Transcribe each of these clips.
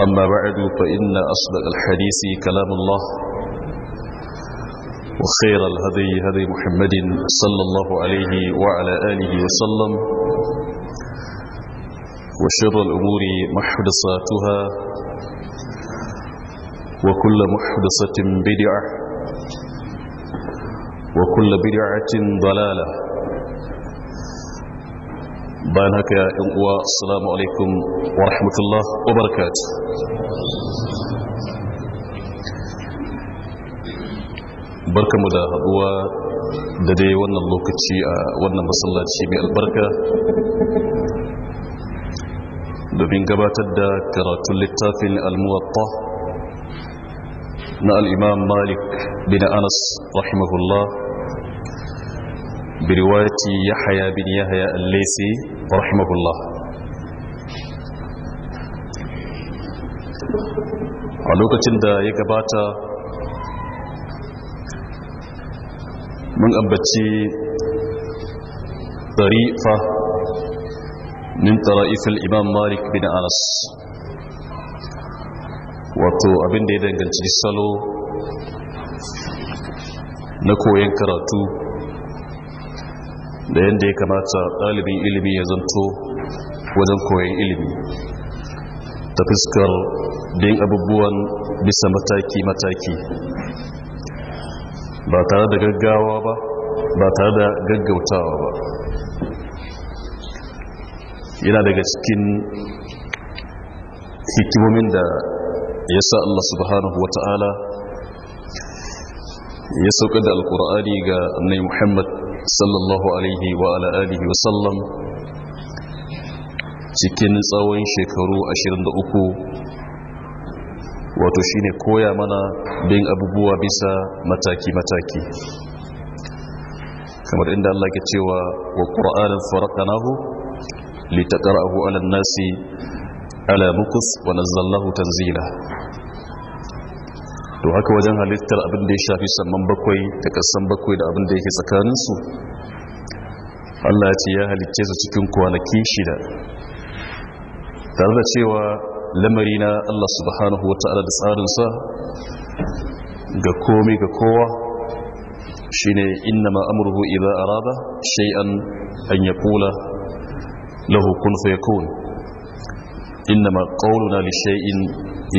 أما بعد فإن أصدق الحديث كلام الله وخير الهدي هدي محمد صلى الله عليه وعلى آله وسلم وشر الأمور محدثاتها وكل محدثة بدعة وكل بدعة ضلالة bayan haka ya yan uwa assalamu alaikum wa rahmatullah wa barakatuh barkamu da haduwa da dai wannan lokaci a wannan masallaci mai albarka domin gabatar da karatun littafin almuwatta na al'imam malik bin anas rahimahullah برواية يحيى بن يحيى الليسي رحمه الله a lokacin da ya gabata mun ambaci tarifa min tara'ifil imam malik bin anas wato abinda ya danganci salo na koyon karatu da yadda ya kamata ɗalibin ilimi ya zanto wajen koyon ilimi ta fuskar din abubuwan bisa mataki-mataki ba tare da gaggawa ba ba tare da gaggautawa ba yana daga cikin hikimomin da ya sa Allah subhanahu wa ta'ala ya sauƙa da alkur'ani ga annai muhammad sallallahu alaihi wa ala alihi wa sallam cikin tsawon shekaru 23 wato shine koya mana bin abubuwa bisa mataki-mataki kamar inda Allah ke cewa wa ƙura'anin farakanahu littakar abu alannasi ala mukus wa nazzallahu tanzila to haka wajen halittar abin da ya shafi saman bakwai da kasan bakwai da abin da yake tsakaninsu Allah ya ce ya halicce su cikin kwanaki shida tare da cewa lamari na Allah subhanahu wa ta'ala da tsarinsa ga komi ga kowa shine inna ma iza idza arada shay'an an yaqula lahu kun fayakun إنما قولنا لشيء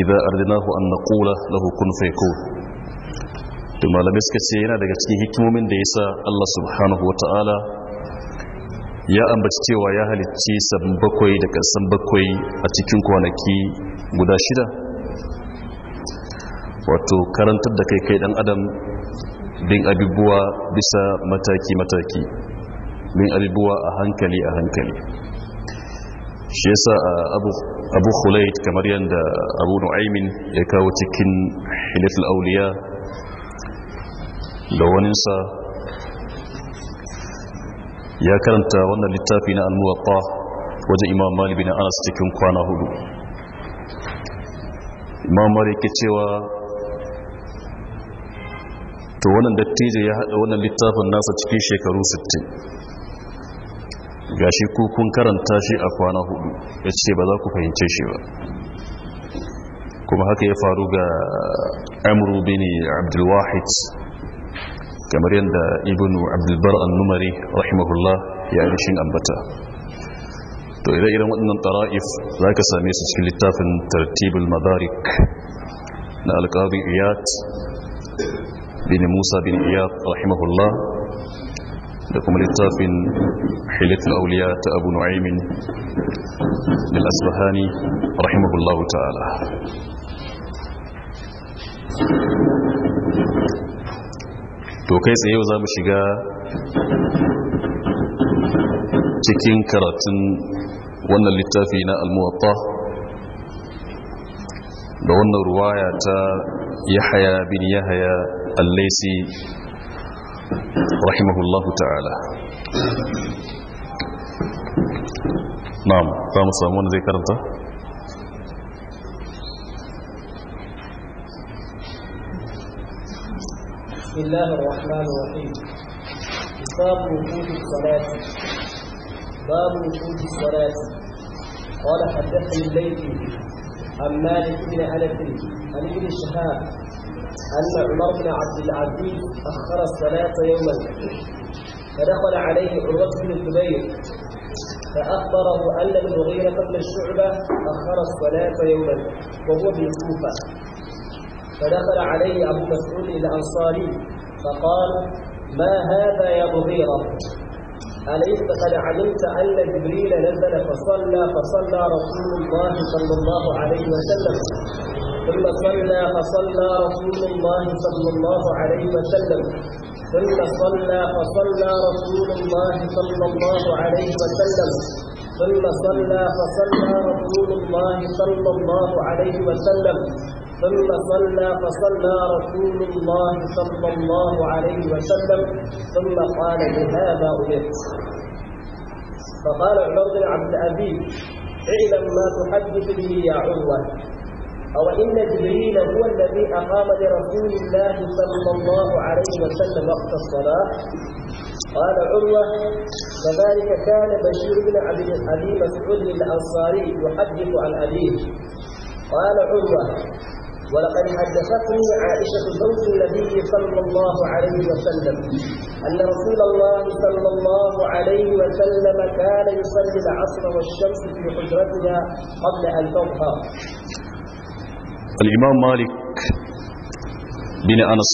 إذا أردناه أن نقول له كن فيكون ثم لم يسكتي yana daga cikin hikimomin da ya sa Allah subhanahu wataala ya ambaci cewa ya halicci san bakwai da kasan bakwai a cikin kwanaki guda shida wato karantar da kai kai ɗan adam bin abubuwa bisa mataki mataki bin abubuwa a hankali a hankali shi yasa abu abu khulait kamar yadda abu nu'aimin ya kawo cikin hilatul auliya da waninsa ya karanta wannan littafi na almuwatta wajen imam malik anas cikin kwana hudu imam malik ke cewa to wannan dattijo ya haɗa wannan littafin nasa cikin shekaru 60 gashi ku kun karanta shi a kwana hudu ya ce ba za ku fahimce shi ba kuma haka ya faru ga amuru bini abdulwahid kamar yadda ibn abdulbar annumari rahimahullah ya yi shi ambata to idan irin waɗannan tara'if za ka same su cikin littafin tartibul madarik na alƙadi iyat bin musa bin iyat rahimahullah da kuma littafin hilatul auliya ta abu nu'aimin lil asbahani rahimahullahu ta'ala to kai tsaye za mu shiga cikin karatun wannan littafi na almuwatta da wannan ruwaya ta yahaya bin yahaya allaisi رحمه الله تعالى نعم قام صامون زي كرمته بسم الله الرحمن الرحيم كتاب وجود الصلاة باب وجود الصلاة قال حدثني الليثي عن مالك بن علف عن ابن شهاب أن عمر بن عبد العزيز أخر الصلاة يوما فدخل عليه عروة بن الزبير فأخبره أن المغيرة بن الشعبة أخر الصلاة يوما وهو بالكوفة فدخل عليه أبو مسعود الأنصاري فقال ما هذا يا مغيرة أليس قد علمت أن جبريل نزل فصلى فصلى رسول الله صلى الله عليه وسلم ثم صلى فصلى رسول الله صلى الله عليه وسلم ثم صلى فصلى رسول الله صلى الله عليه وسلم ثم صلى فصلى رسول الله صلى الله عليه وسلم ثم صلى فصلى رسول الله صلى الله عليه وسلم ثم قال بهذا أمرت فقال عمر بن عبد أبي اعلم ما تحدث به يا عروة أو إن جبريل هو الذي أقام لرسول الله صلى الله عليه وسلم وقت الصلاة قال عروة كذلك كان بشير بن عبد أبي مسعود الأنصاري يحدث عن أبيه قال عروة ولقد حدثتني عائشة زوج النبي صلى الله عليه وسلم أن رسول الله صلى الله عليه وسلم كان يصلي العصر والشمس في حجرتها قبل أن تظهر al'imam malik bin anas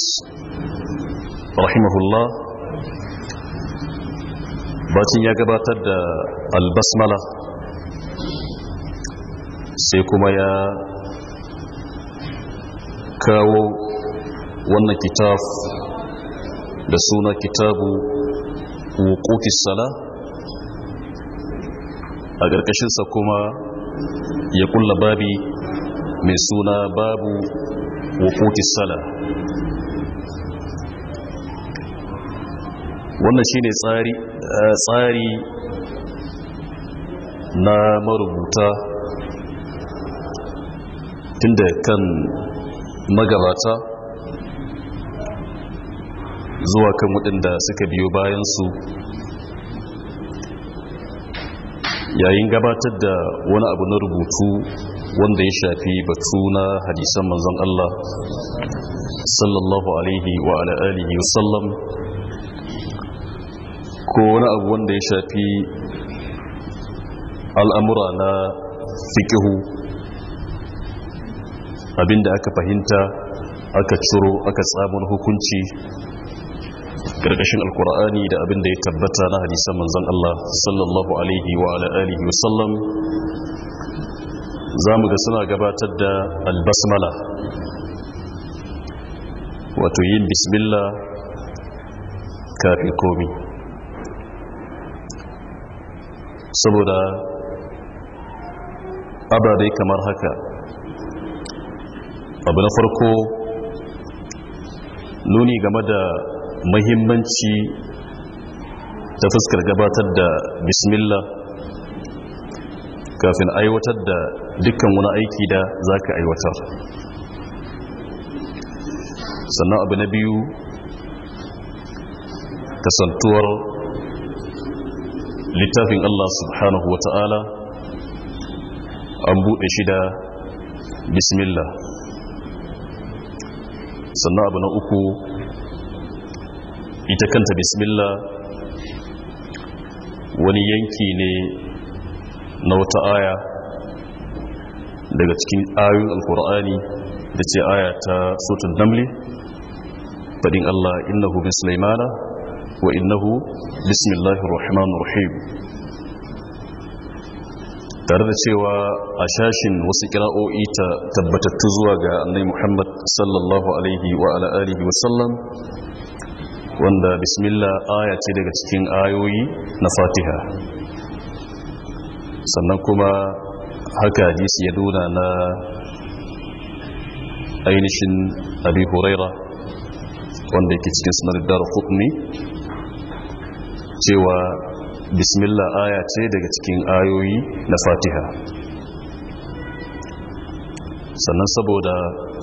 rahimahullah bacin ya gabatar da albasmala sai kuma ya kawo wannan kitab da suna kitabu wukuki sala a ƙarƙashinsa kuma ya kulla babi mai suna babu wukuti sala wannan shi ne tsari eh, na marubuta tun kan magabata zuwa kan waɗanda suka biyo bayansu yayin gabatar da wani abu na rubutu wanda ya shafi batu na hadisan manzon Allah sallallahu alaihi wa ala alihi wasallam ko wani abu wanda ya shafi al'amura na fikihu abinda aka fahimta aka ciro aka tsamun hukunci ƙarƙashin alkur'ani da abinda ya tabbata na hadisan manzon Allah sallallahu alaihi wa ala alihi wasallam za mu ga suna gabatar da albasmala wato yin bismillah kafin komi saboda ababe kamar haka abu na farko nuni game da mahimmanci ta fuskar gabatar da bismillah kafin aiwatar da dukkan wani aiki da za ka aiwatar sannan abu na biyu kasantuwar littafin Allah subhanahu wa ta'ala an buɗe shi da bismillah sannan abu na uku ita kanta bismillah wani yanki ne na wata aya daga cikin ayoyin alkur'ani da ce aya ta sotun namli faɗin Allah innahu bin sulaimana wa innahu bismillahi rahman rahim tare da cewa a shashin wasu kira'o'i ta tabbatattu zuwa ga annai muhammad sallallahu alaihi wa wasallam wanda bismillah aya ce daga cikin ayoyi na fatiha sannan kuma haka hadisi ya nuna na ainihin abi huraira wanda yake cikin sunan dar hukumi cewa bismillah aya ce daga cikin ayoyi na fatiha sannan saboda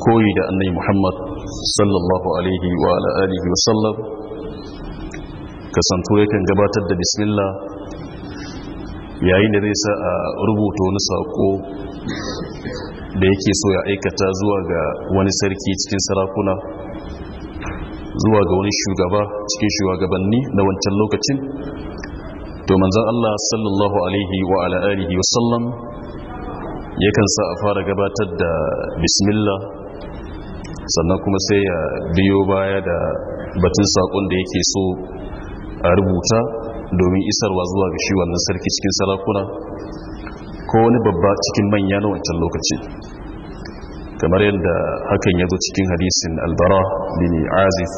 koyi da annai muhammad sallallahu alaihi wa ala'alihi wasallam kasanto yakan gabatar da bismillah yayin da zai sa a rubuta wani sako da yake so ya aikata zuwa ga wani sarki cikin sarakuna zuwa ga wani shugaba cikin shugabanni na wancan lokacin to manzan Allah sallallahu alaihi wa ala'arihi wasallam wa sallam yakan sa a fara gabatar da bismillah sannan kuma sai ya biyo baya da batun sakon da yake so a rubuta domin isarwa zuwa ga shi wannan sarki cikin sarakuna ko wani babba cikin manya na wancan lokaci kamar yadda hakan ya zo cikin hadisin albara bin azif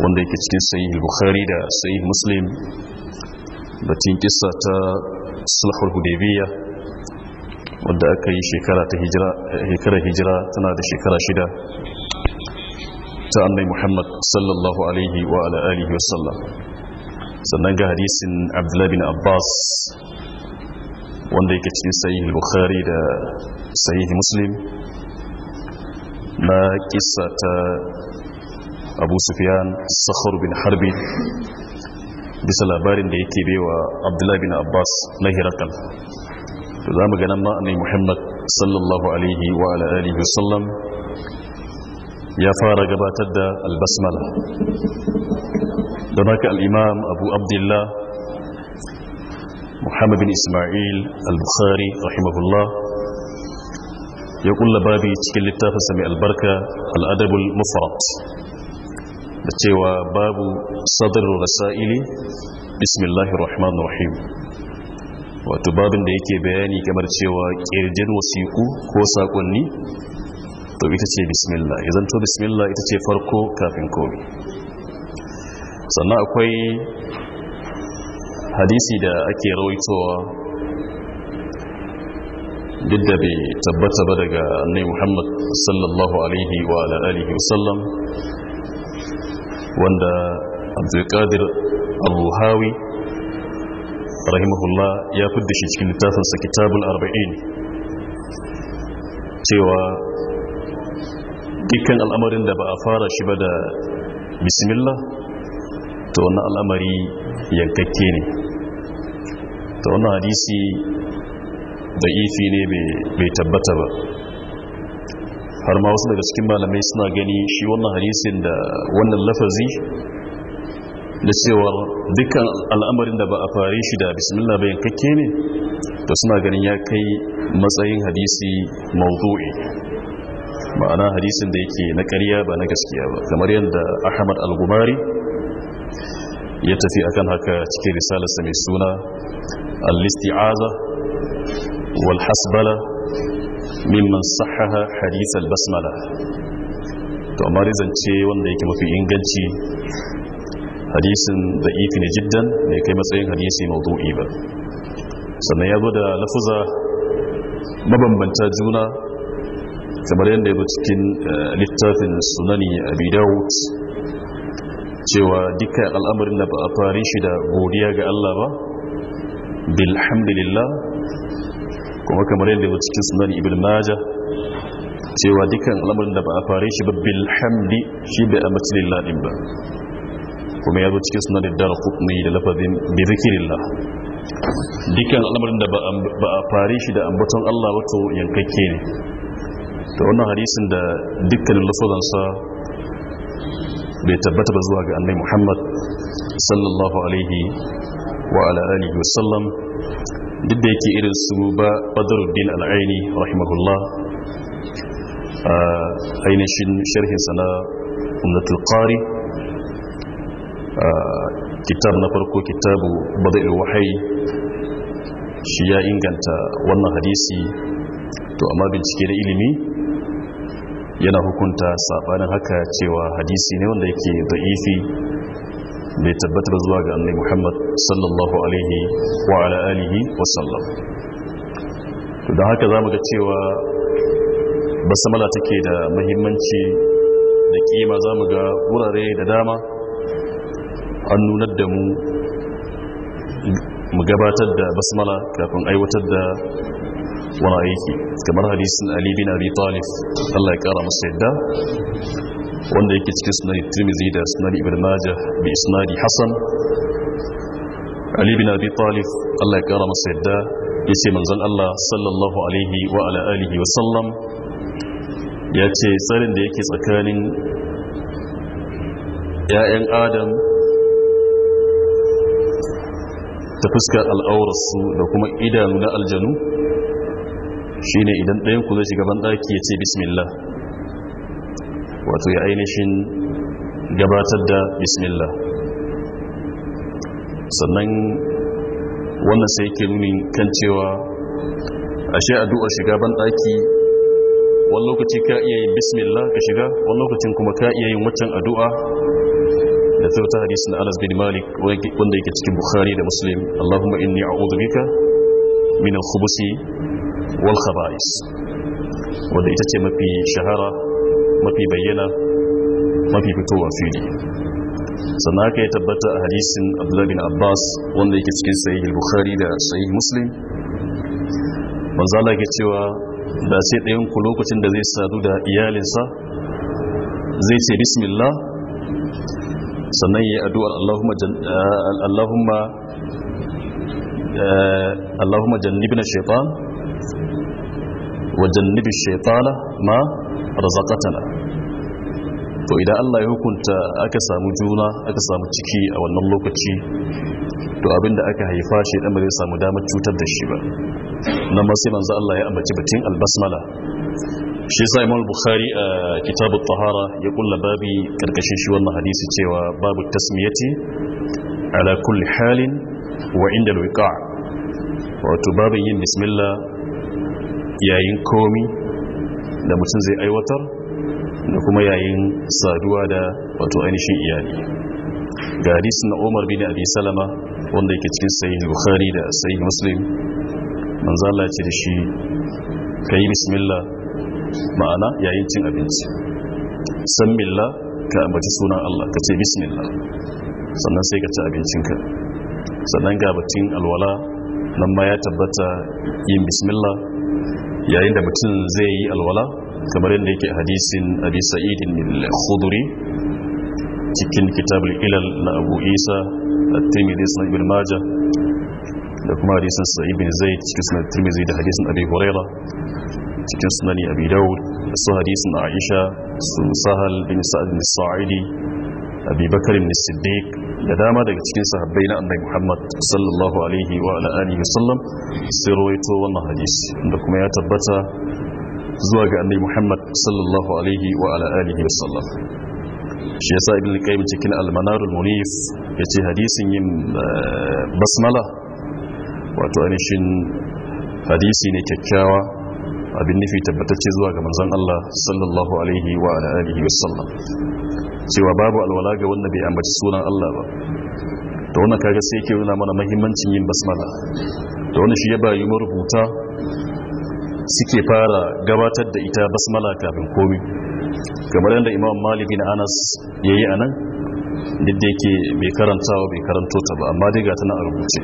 wanda yake cikin sayi bukhari da sayi muslim batun kisa ta sulhul hudaybiya wadda aka yi shekara hijira tana da shekara shida ta annabi muhammad sallallahu alaihi wa ala alihi wasallam sannan ga hadisin abdullahi bin abbas wanda yake cikin sayi bukhari da sayi muslim na kisa ta abu sufiyan sakhar bin harbi bisa labarin da yake bewa abdullahi bin abbas na hirakal to za mu ganin ma'anin muhammad sallallahu alaihi wa ala'alihi ya fara gabatar da albasmala don haka al'imam abu abdullah muhammad bin ismail al-bukhari rahimahullah ya kulla babi cikin littafin sami albarka al'adabul mufarat da cewa babu sadarar rasa'ili bismillahir rahim wato babin da yake bayani kamar cewa ƙirjin wasiku ko sakonni to ita ce bismillah ya zanto bismillah ita ce farko kafin komi sannan akwai hadisi da ake rawaitowa duk da bai tabbata ba daga annai muhammad sallallahu alaihi wa alaihi wasallam wanda abdulkadir rahimahullah ya fidda shi cikin littafinsa kitabul arba'in cewa dukkan al'amarin da ba a fara shi ba da bismillah to wannan al'amari yankakke ne to wannan hadisi da ifi ne bai tabbata ba har ma wasu daga cikin malamai suna gani shi wannan hadisin da wannan lafazi da cewar dukkan al'amarin da ba a fare shi da bismillah bayan kakke ne da suna ganin ya kai matsayin hadisi mawdu'i ma'ana hadisin da yake na ƙarya ba na gaskiya ba kamar yadda ahmad al-gumari ya tafi akan haka cikin risalarsa mai suna al-isti'aza wal hasbala mimman sahaha hadith al-basmala to amma zance wanda yake mafi inganci hadisin da ifi ne jiddan mai kai matsayin hadisi mawdu'i ba sannan ya zo da lafuza mabambanta juna kamar yadda ya zo cikin eh, littafin sunani abi dawud cewa dukkan al'amarin da ba a fari shi da godiya ga Allah ba bilhamdulillah kuma kamar yadda ya cikin sunan ibn Maja. cewa dukkan al'amarin da ba a fari shi ba bilhamdi shi bai amince lillah din ba kuma ya zo cikin sunan da dara kuɗi da lafazin zaki zikirillah dukkan al'amarin da ba a fari shi da ambaton Allah wato yankakke ne to wannan hadisin da dukkanin lafazansa bai tabbata ba zuwa ga annai muhammad sallallahu alaihi wa ala wasallam duk da yake irin su ba badaruddin al'aini rahimahullah a ainihin sharhin sana umnatul qari kitab na farko kitabu bada'il wahai shi ya inganta wannan hadisi to amma bincike na ilimi yana hukunta sabanin haka cewa hadisi ne wanda yake da'ifi bai tabbatar zuwa ga annabi Muhammad sallallahu alaihi wa ala alihi wa sallam to da haka zamu ga cewa basmala take da muhimmanci da kima zamu ga wurare da dama an nunar da mu mu gabatar da basmala kafin aiwatar da wani aiki kamar hadisin ali bin abi talif allah ya kara masa yadda wanda yake cikin sunari tirmizi da sunari ibn majah bi isnadi hasan ali bin abi talif allah ya kara masa yadda ya ce manzon allah sallallahu alaihi wa ala alihi wa sallam ya ce tsarin da yake tsakanin ‘ya'yan adam ta fuskar al'aurarsu da kuma idanu na aljanu shine idan ɗayan ku zai shiga banɗaki ya ce bismillah wato ya ainihin gabatar da bismillah sannan wannan sai ke nuni kan cewa ashe addu'a shiga banɗaki wani lokaci ka iya yin bismillah ka shiga wani lokacin kuma ka iya yin waccan addu'a da ta hadisi na anas bin malik wanda yake cikin bukhari da muslim allahumma inni a'udhu bika min al-khubusi wal wanda ita ce mafi shahara mafi bayyana mafi fitowa fili sannan ya tabbata a hadisin abdullahi bin abbas wanda yake cikin sahih bukhari da sahih muslim manzala ke cewa da sai ɗayan ku lokacin da zai sadu da iyalinsa zai ce bismillah sannan ya yi addu'ar allahumma eh, eh, allahumma jannibna wajannibi shaitana ma razaqatana to idan Allah ya hukunta aka samu juna aka samu ciki a wannan lokaci to abinda aka haifa shi dan bare samu damar cutar da shi ba nan ma sai manzo Allah ya ambaci batun albasmala shi sa imam bukhari a kitab tahara ya kulla babi karkashin shi wannan hadisi cewa babu tasmiyati ala kulli halin wa inda alwiqa wato babin yin bismillah yayin komi da mutum zai aiwatar da kuma yayin saduwa da wato ainihin iyali ga hadisun na umar bin abi salama wanda yake cikin sahih bukhari da sahih muslim manzo ce da shi Ka yi bismillah ma'ana yayin cin abinci san milla ka ambaci sunan Allah ka ce bismillah sannan sai ka ci abincinka sannan ga batun alwala nan ma ya tabbata yin bismillah yayin da mutum zai yi alwala kamar yadda yake hadisin abi sa'idin al-khudri cikin kitab ilal na abu isa at-tirmidhi sunan ibn majah da kuma hadisin sa'id bin zaid cikin sunan tirmidhi da hadisin abi huraira cikin sunani abi daud su hadisin aisha sun sahal bin sa'ad bin sa'idi abu bakar bin siddiq da dama daga cikin sahabbai na annabi muhammad sallallahu alaihi wa ala alihi wasallam sai rawaito wannan hadisi da kuma ya tabbata zuwa ga annabi muhammad sallallahu alaihi wa ala alihi wasallam shi yasa ibn qayyim cikin al-manar al-munif yace hadisin yin basmala wato anishin hadisi ne kyakkyawa abin nufi tabbatacce zuwa ga manzon Allah sallallahu alaihi wa alihi wasallam cewa babu alwala ga wanda bai ambaci sunan Allah ba da wannan kaga sai yake nuna mana muhimmancin yin basmala da wannan shi ya bayu marubuta suke fara gabatar da ita basmala kafin komai kamar yadda imam malik bin anas yayi anan duk da yake bai karantawa bai karanto ta ba amma dai ga tana a rubuce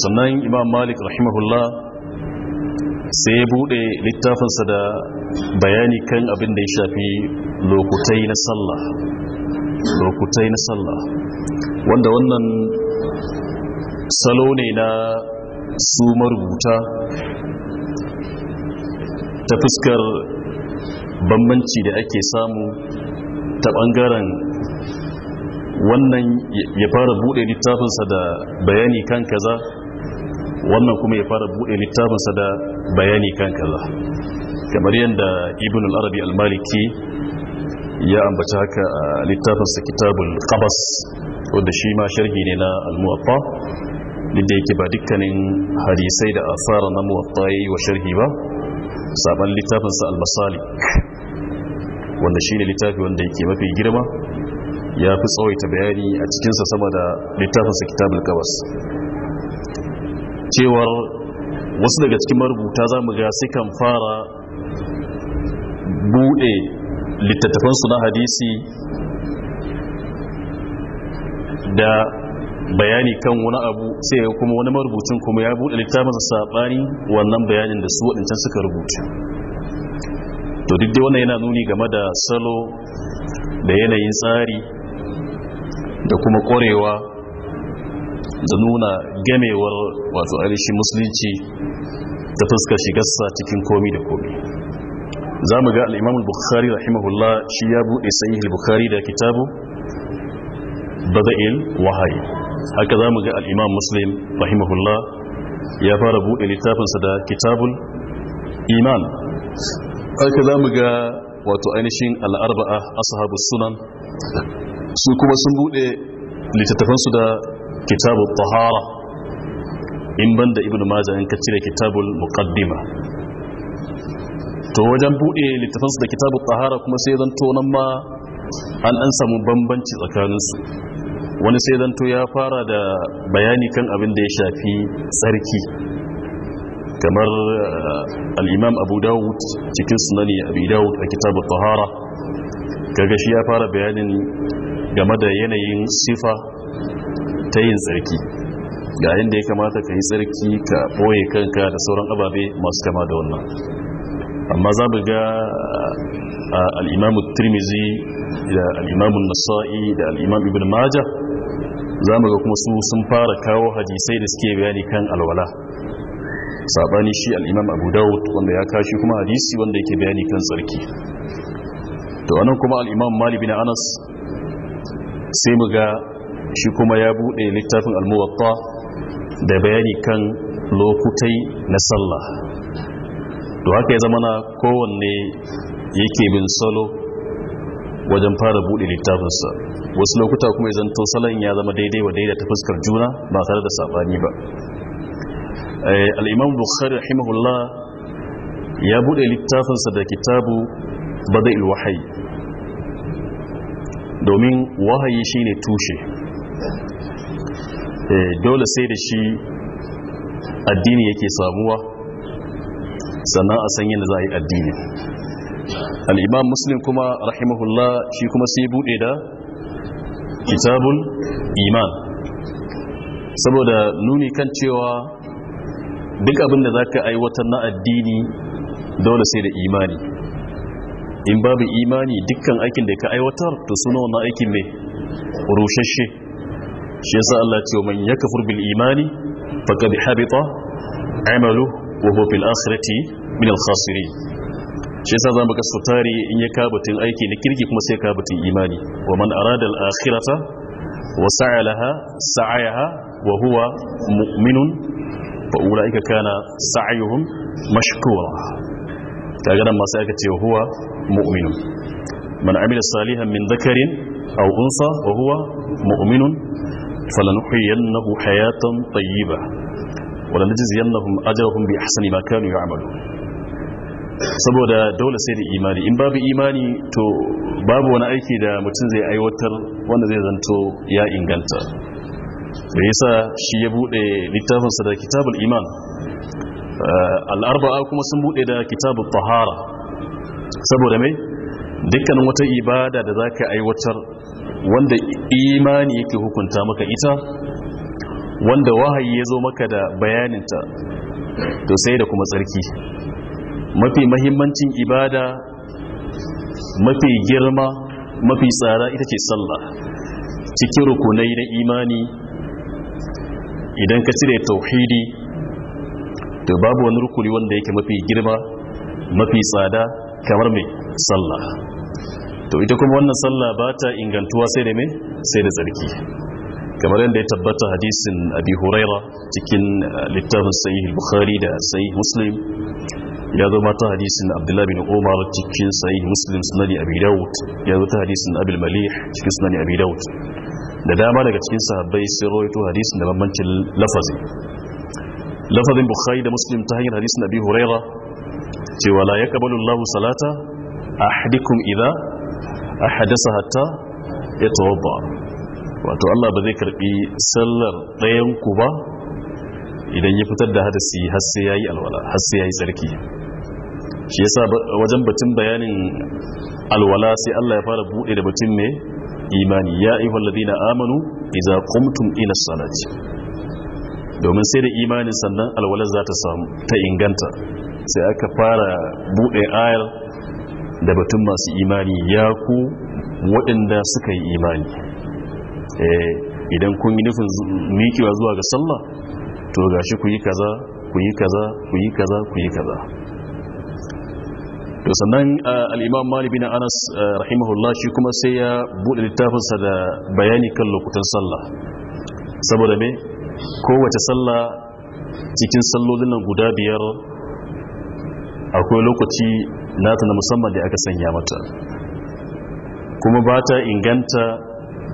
sannan imam malik rahimahullah sai ya bude littafinsa da bayani kan abin da ya shafi lokutai na sallah lokutai na sallah wanda wannan salo ne na su marubuta ta fuskar bambanci da ake samu ta bangaren wannan ya fara bude littafinsa da bayani kan kaza wannan kuma ya fara bude littafinsa da bayani kan kaza kamar yadda ibn al-arabi al-maliki ya ambaci haka a littafinsa kitabul qabas wanda shi ma sharhi ne na al-muwatta duk yake ba dukkanin hadisai da asara na muwatta yayi wa sharhi ba saban littafinsa al-masali wanda shi ne littafi wanda yake mafi girma ya fi tsawaita bayani a cikinsa sama da littafinsa kitabul qabas cewar wasu daga cikin marubuta za mu ga sukan fara buɗe littattafansu na hadisi da bayani kan wani abu sai kuma wani marubucin kuma ya buɗe littafinsa saɓani wannan bayanin da su waɗancan suka rubuta to duk dai wannan yana nuni game da salo da yanayin tsari da kuma ƙwarewa da nuna gamewar wato ainihin musulunci ta fuskar shigarsa cikin komi da komi za mu ga al’imamu bukhari rahimahullah shi ya buɗe sayi bukhari da kitabu bada'il wahayi haka za mu ga al'imam muslim rahimahullah ya fara buɗe littafinsa da kitabun iman haka za mu ga wato ainihin al'arba'a ashabu sunan su kuma sun buɗe littattafansu da kitabu tahara in banda ibn majah in ka cire kitabul muqaddima to wajen buɗe littafansu da kitabul tahara kuma sai zanto nan ma an an samu bambanci tsakaninsu wani sai zanto ya fara da bayani kan abin da ya shafi tsarki kamar al'imam abu dawud cikin sunani abu dawud a kitabu tahara kaga shi ya fara bayanin game da yanayin sifa ta yin tsarki ga inda ya kamata ka yi tsarki ka boye kanka da sauran ababe masu kama da wannan amma za mu ga al'imamu turmizi da al'imamu nasa'i da al'imamu ibn maja za mu ga kuma su sun fara kawo hadisai da suke bayani kan alwala sabani shi al'imam abu dawud wanda ya kashi kuma hadisi wanda yake bayani kan tsarki to wannan kuma al'imam mali bin anas sai mu ga shi kuma ya buɗe littafin almuwatta da bayani kan lokutai na sallah to haka ya zama na kowanne yake bin salo wajen fara buɗe littafinsa wasu lokuta kuma ya zanto salon ya zama daidai wa daidai ta fuskar juna ba tare da sabani ba eh, al'imam bukhari rahimahullah ya buɗe littafinsa da kitabu bada ilwahai domin wahayi shine tushe Eh, dole sai da shi addini yake samuwa sannan a san yadda za a yi addini al'imam muslim kuma rahimahullah shi kuma sai buɗe da kitabun iman saboda nuni kan cewa duk abin da za ka aiwatar na addini dole sai da imani in babu imani dukkan aikin da ka aiwatar to suna wannan aikin mai rushashe shi yasa Allah ce man yakfur bil imani faqad habita amalu wa huwa fil akhirati min al khasirin shi yasa zan baka sutari in ya kabatin aiki na kirki kuma sai kabatin imani wa man arada al akhirata wa sa'a laha sa'ayaha wa huwa mu'minun fa ulaika kana sa'yuhum mashkura kaga nan ma sai aka ce huwa mu'minun man amila salihan min dhakarin aw unsa wa huwa mu'minun فلنحيينه حياة طيبة ولنجزينهم أجرهم بأحسن ما كانوا يعملون saboda dole sai da imani in babu imani to babu wani aiki da mutum zai aiwatar wanda zai zanto ya inganta da yasa shi ya bude littafinsa da kitabul iman al'arba'a kuma sun bude da kitabul tahara saboda mai dukkanin wata ibada da zaka ka aiwatar wanda imani yake hukunta maka ita wanda wahayi ya zo maka da bayaninta to sai da kuma tsarki mafi mahimmancin ibada mafi girma mafi tsara ita ce sallah cikin rukunai na imani idan ka cire tauhidi to babu wani rukuni wanda yake mafi girma mafi tsada kamar mai sallah to ita kuma wannan sallah ba ta ingantuwa sai da me sai da tsarki kamar yadda ya tabbata hadisin abi huraira cikin uh, littafin sahih bukhari da sahih muslim ya zo mata hadisin abdullahi bin umar cikin sahih muslim sunani abi dawud ya zo ta hadisin abil malih cikin sunani abi dawud da dama daga cikin sahabbai sun rawaito hadisin da bambancin lafazi lafazin bukhari da muslim ta hanyar hadisin abi huraira cewa la yaqbalu allah salata ahadikum idza a hatta ya tawabba wato Allah ba zai karbi sallar ɗayan ku ba idan ya fitar da hadasi har sai yayi alwala har sai yayi sarki shi yasa wajen batun bayanin alwala sai Allah ya fara bude da batun ne imani ya ayyuhal ladina amanu idza qumtum ila salati domin sai da imani sannan alwala za ta samu ta inganta sai aka fara bude ayar da batun masu imani ya ku waɗanda suka yi imani eh, idan kun yi nufin mikiwa zuwa ga sallah to gashi ku yi kaza ku yi kaza ku yi kaza ku yi kaza to sannan ah, al'imam malibi na anas ah, rahimahullah shi kuma sai ya buɗe littafinsa da bayani kan lokutan sallah saboda me kowace sallah cikin sallolin nan guda biyar akwai lokaci nata na musamman da aka sanya mata kuma ba ta inganta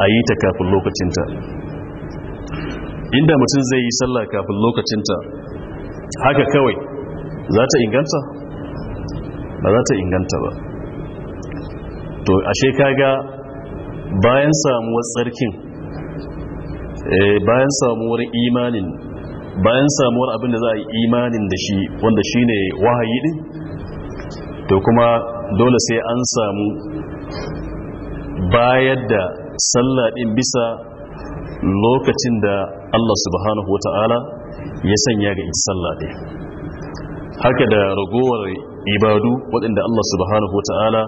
a yi ta kafin lokacinta inda mutum zai yi sallah kafin lokacinta haka kawai za ta inganta ba za ta inganta ba to ashe kaga bayan samuwar tsarkin eh, bayan samuwar imanin bayan samuwar abin da za a yi imanin da shi wanda shi ne wahayi din to kuma dole sai an samu bayar da sallah din bisa lokacin da Allah subhanahu wata'ala ya sanya ga ita sallah din haka da ragowar ibadu waɗanda Allah subhanahu wata'ala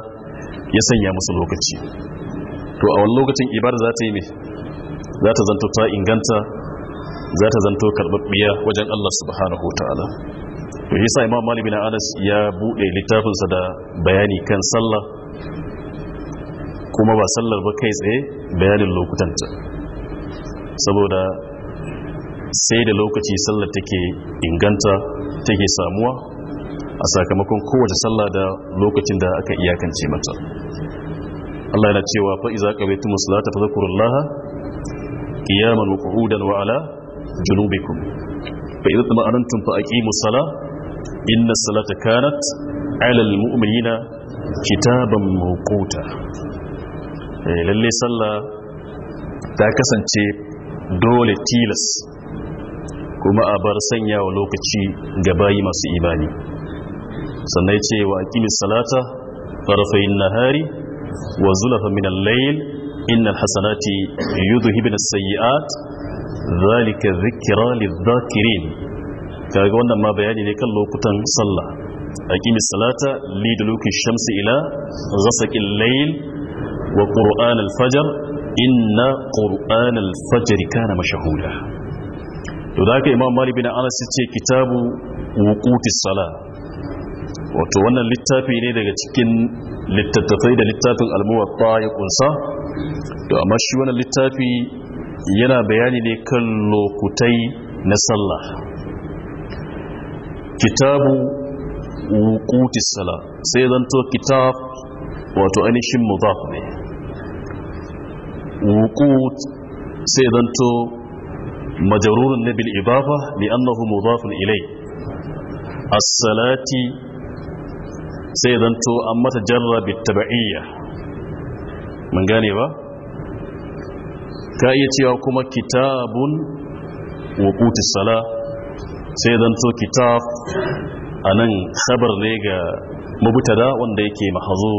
ya sanya musu lokaci to a wani lokacin ibada za ta yi ne za ta zanto ta inganta za ta zanto karɓaɓɓiya wajen Allah subhanahu wata'ala to yasa imam malik bin anas ya bude littafinsa da bayani kan sallah kuma ba sallar ba kai tsaye bayanin lokutanta saboda sai da lokaci sallar take inganta take samuwa a sakamakon kowace sallah da lokacin da aka iyakance mata Allah yana cewa fa iza qawaitu musallata fadhkurullaha qiyaman wa qu'udan wa ala junubikum fa idza tma'anantum fa aqimus salah inna salata kanat alal mu'minina kitaban mawquta lalle sallah ta kasance dole tilas kuma a bar sanya wa lokaci ga bayi masu imani sannan ce wa aqimis salata farfayin nahari wa zulafa min al-layl innal hasanati yudhibna as-sayyi'at dhalika dhikra lidh-dhakirin kaga wannan ma bayani ne kan lokutan sallah aqimi salata li duluki shamsi ila ghasaqil layl wa qur'an al-fajr inna qur'an al-fajr kana mashhuda to da haka imam malik bin anas yace kitabu wuqutis salah wato wannan littafi ne daga cikin littattafai da littafin almuwatta ya kunsa to amma shi wannan littafi yana bayani ne kan lokutai na sallah kitabu wukuti sala sai zanto kitab wato ainihin mudaf ne wukut sai zanto majarurun na bil ibafa li annahu mudafun ilai as-salati sai zanto an mata jarra bit tabi'iyya mun gane ba ka iya cewa kuma kitabun wukuti sala sai zan to kitab a nan sabar ne ga mabutada wanda yake mahazo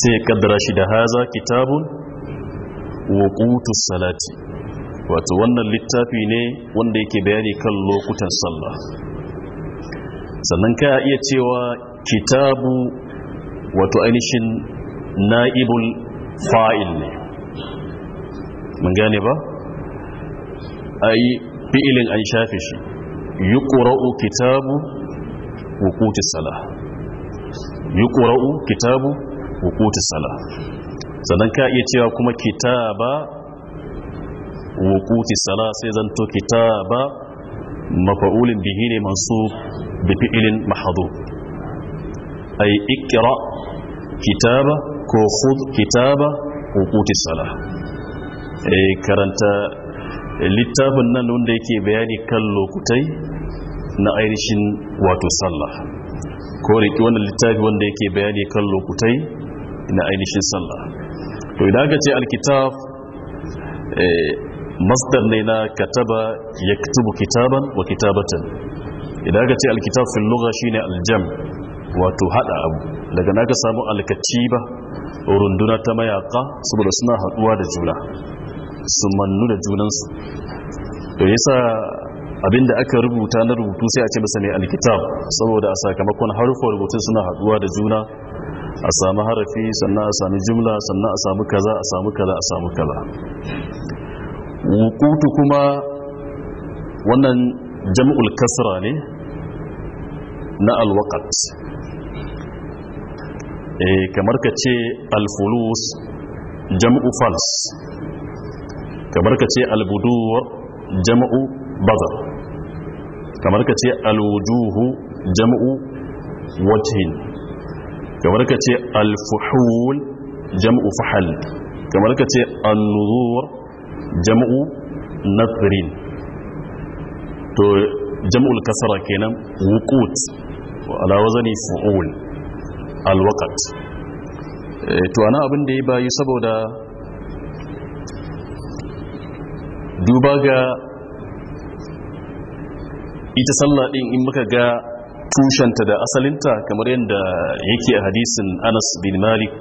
sai ya kaddara shi da haza kitabun waƙutus salati wato wannan littafi ne wanda yake bayani kan lokutan sallah sannan ka iya cewa kitabu wato ainihin na'ibul fa'il ne mun gane ba a yi fi'ilin an shafe shi yi ƙura'u kitabu wukuti sala yi ƙura'u kitabu wukuti sala sannan ka iya cewa kuma kitaba wukuti sala sai zanto kitaba mafa'ulin bihi ne masu bi fi'ilin mahadu ay ikra kitaba ko khud kitaba wukuti sala karanta littafin nan wanda yake bayani kan lokutai na ainihin wato sallah ko riki wannan littafi wanda yake bayani kan lokutai na ainihin sallah to idan aka ce alkitab eh, masdar ne na kataba ya kitaban wa kitabatan idan aka ce alkitab fil lugha shine aljam wato hada abu daga naka samu ba runduna ta mayaka saboda suna haduwa da juna su mannu da junansu da yasa abinda aka rubuta na rubutu sai a ce masa ne alkitab saboda a sakamakon harufan rubutun suna haduwa da juna a sami harafi sannan a sami jumla sannan a sami kaza a sami kaza a sami kaza wukutu kuma wannan jam'ul kasra ne na alwakat eh, kamar ka ce alfulus jam'u fals kamar ka ce albuduwa jama'u bazar kamar ka ce alwujuhu jama'u wajhin kamar ka ce alfuhul jama'u fahal kamar ka ce annuzur jama'u nazirin to jama'ul kasara kenan wukut ala wazani fu'ul alwakat eh, to ana abin da ya bayu saboda duba ga ita sallah din in muka ga tushenta da asalinta kamar yadda yake a hadisin anas bin malik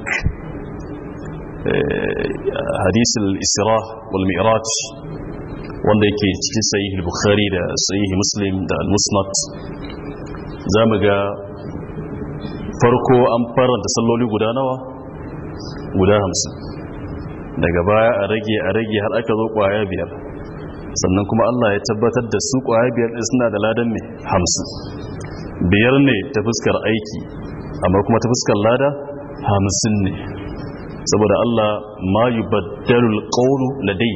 eh, hadisin isra wal mi'raj wanda yake cikin sahih bukhari da sahih muslim da al-musnad zamu ga farko an faranta salloli guda nawa guda hamsin. daga baya a rage a rage har aka zo kwaya biyar sannan kuma Allah ya tabbatar da su ƙwaya biyar ɗin suna da ladan ne hamsin biyar ne ta fuskar aiki amma kuma ta fuskar lada hamsin ne saboda Allah ma yi baddarul ƙaunu dai,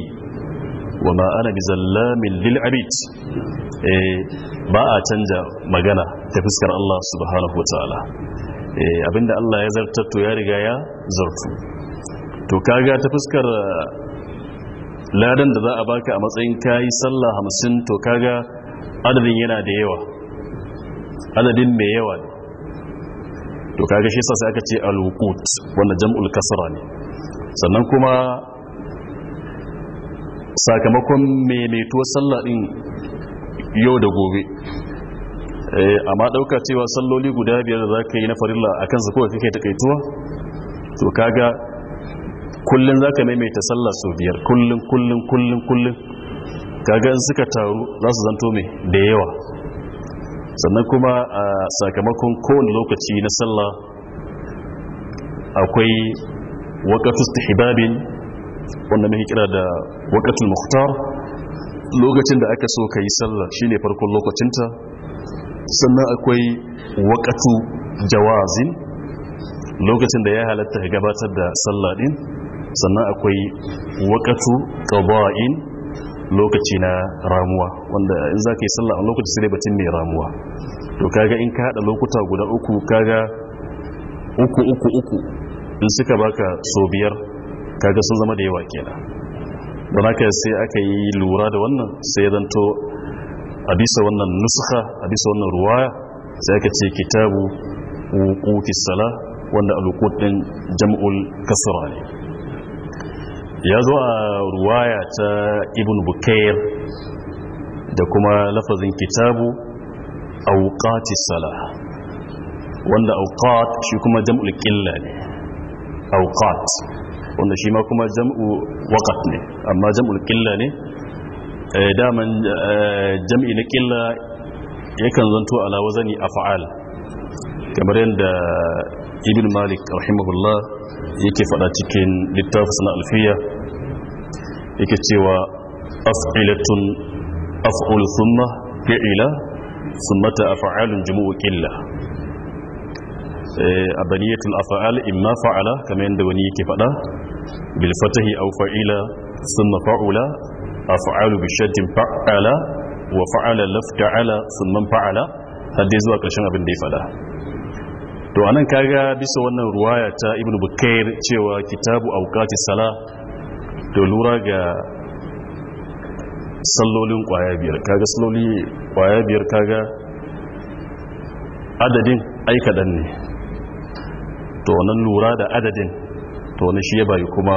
wa ma ana bi zallamin lil'abit eh, ba a canja magana ta fuskar Allah subhanahu wa ta'ala eh, abinda Allah ya zartattu ya riga ya zartu to kaga ta fuskar ladan da za a baka a matsayin kayi sallah hamsin to kaga adadin yana da yawa adadin mai yawa ne to kaga shi sa sai aka ce al-wuqut wannan jam'ul kasra ne sannan kuma sakamakon maimaituwar sallah din yau da gobe eh, amma ɗauka cewa salloli guda biyar da za ka yi na farilla kansa su kawai kake takaituwa to kaga kullum za ka maimaita sallah su biyar kullum kullum kullum kullum kaga in suka taru za su zanto mai da yawa sannan kuma a sakamakon kowane lokaci na sallah akwai wakatus hibabin wanda mai kira da wakatul muhtar lokacin da aka so ka yi sallah shine farkon lokacinta sannan akwai wakatu jawazin lokacin da ya halatta ya gabatar da sallah din sannan akwai wakatu qada'in lokaci na ramuwa wanda in za yi sallah a lokaci sai batun mai ramuwa to kaga in ka haɗa lokuta guda uku kaga uku uku uku in suka baka so biyar kaga sun zama da yawa kenan don haka sai aka yi lura da wannan sai zanto a bisa wannan nusuka a bisa wannan ruwaya sai aka ce kitabu wuku sala wanda alukut din jam'ul kasra ne ya zo a ruwaya ta ibn bukair da kuma lafazin kitabu auqati salah wanda auqat shi kuma jam'ul qilla ne auqat wanda shi ma kuma jam'u waqat ne amma jam'ul qilla ne eh, daman eh, jam'i na qilla yakan zanto ala wazani af'al kamar yadda ibn malik rahimahullah yake fada cikin littafin sana alfiya yake cewa af'ilatun af'ul thumma fi'ila thumma ta'fa'alun jumu'u qilla eh, a baniyatul af'al imma fa'ala kamar yadda wani yake fada bil fatahi aw fa'ila thumma fa'ula af'alu bi shaddin fa'ala wa fa'ala lafta'ala thumma fa'ala har dai zuwa ƙarshen abin da ya fada to anan kaga bisa wannan ruwaya ta ibnu bukair cewa kitabu awqati sala to lura ga sallolin kwaya biyar kaga sallolin kwaya biyar kaga adadin ai kadan ne to wannan lura da adadin to wannan shi ya bayi kuma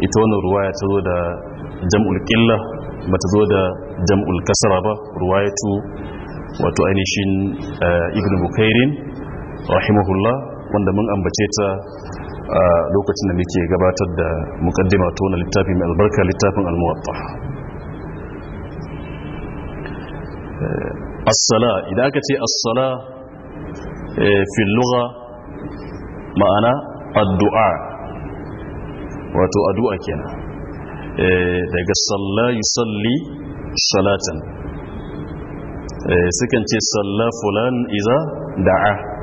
ita wannan ruwaya ta zo da jam'ul qilla bata zo da jam'ul kasra ba ruwayatu wato ainihin eh, ibnu bukairin rahimahullah wanda mun ambace ta a lokacin da muke gabatar da mukaddima ta wani littafi mai albarka littafin almuwatta eh, assala idan aka ce asala eh, fi lugha ma'ana addu'a wato addu'a kenan eh, daga salla salli salatan sukan ce salla fulan iza da'a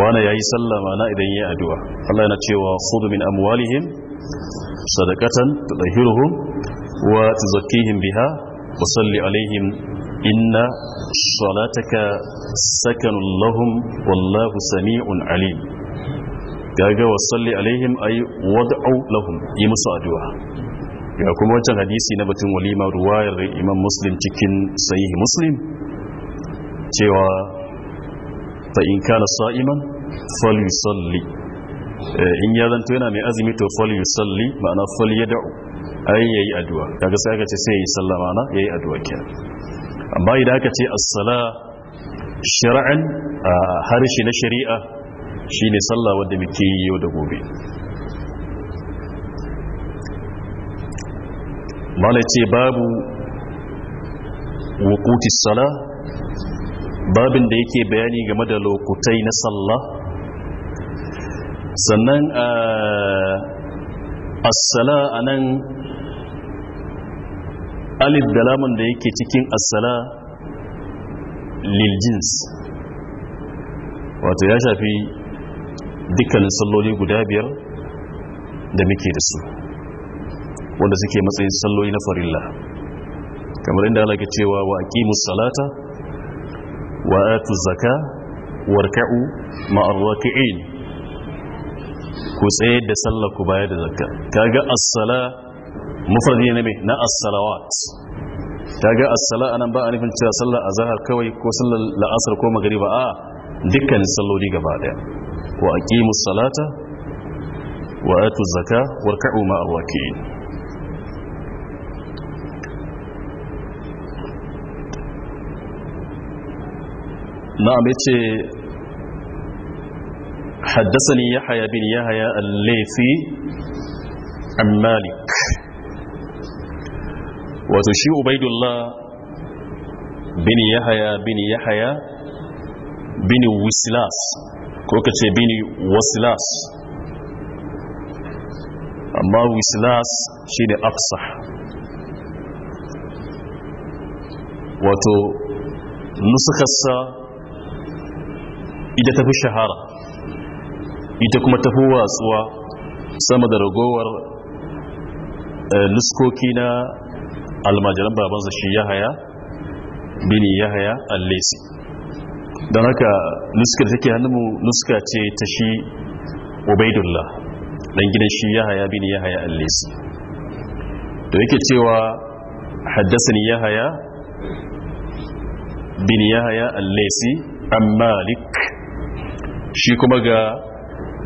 wani ya yi sallama na idan ya addu'a Allah yana cewa sudu min amwalihim sadakatan tudahhiruhum wa tuzakkihim biha wa salli alaihim inna salataka sakanun lahum wallahu sami'un alim gaga wa alaihim ay wad'u lahum yi musu addu'a ga kuma wancan hadisi na batun walima ruwayar imam muslim cikin sahihi muslim cewa fa in kana sa'iman falyusalli eh, in ya zanto yana mai azumi to falyusalli ma'ana fal ya falyad'u ai yi addu'a kaga sai aka ce sai yayi sallama na yayi addu'a kenan amma idan aka ce as-sala shar'an harshe na shari'a shine sallah wanda muke yi yau da gobe mala ce babu wukuti sala babin da yake bayani game da lokutai na sallah sannan a assala a nan alif da laman da yake cikin assala liljins wato ya shafi dukkanin salloli guda biyar da muke da su wanda suke matsayin salloli na farilla kamar inda alaƙa cewa wa aƙi musalata wa atu zaka warka'u ma'ar ku tsaye da sallaku baya da zakka ta ga sala mufradi ne me na as ta ga as-sala anan ba a nufin cewa sallar zahar kawai ko sallar la'asar ko magriba a dukkanin salloli gaba daya wa aqimus salata wa atu zaka warka'u ma'ar na'am yace haddasa ni bin yahya al-laythi an malik wato shi ubaidullah bin yahya bin yahya bin wisilas ko ce bin wasilas amma wisilas shine afsah wato nusukarsa ita tafi shahara ita kuma tafi watsuwa sama da ragowar luskoki eh, na almajiran babansa shi yahaya bini yahaya allesi don haka luskar take hannunmu nuska ce ta shi obaidullah dan gidan shi yahaya bini yahaya allesi da yake cewa haddasa ni yahaya bin yahaya allesi an malik shi kuma ga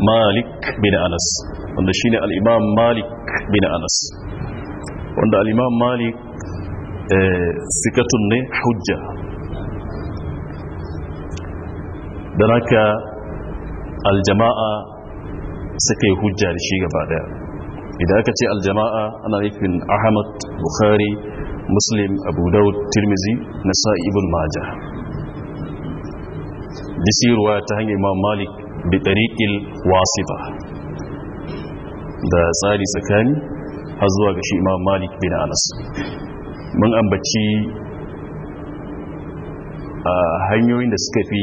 malik bin anas wanda shi ne al'imam malik bin anas wanda al'imam malik eh, sikatun ne hujja don haka aljama'a suka yi hujja da shi gaba daya idan aka ce aljama'a ana nufin ahmad bukhari muslim abu daud tirmizi na ibn majah bisi ruwa ta hanyar imam malik bi tariqil wasita da tsari tsakani har zuwa ga shi imam malik bin anas mun ambaci a hanyoyin da suka fi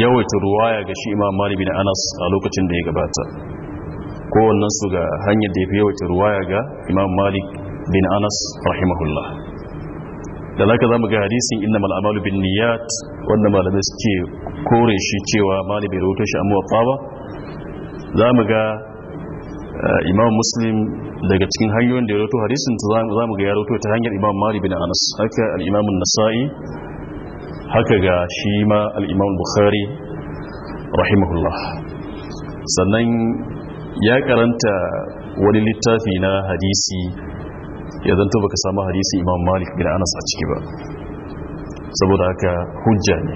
yawaita ruwaya ga shi imam malik bin anas a lokacin da ya gabata kowannensu ga hanyar da ya fi yawaita ruwaya ga imam malik bin anas rahimahullah da za mu ga hadisin malamalu a'malu niyyat wanda malamai suke kore shi cewa mali bai rawaito shi a muwaffa ba mu ga eh, imam muslim daga cikin hanyoyin da ya rawaito hadisin mu ga ya rawaito ta hanyar imam mali bin anas haka al-imam nasai haka ga shi ma al-imam bukhari rahimahullah sannan ya karanta wani littafi na hadisi ya zanto baka samu hadisi imam malik bin anas a ciki ba saboda haka hujja ne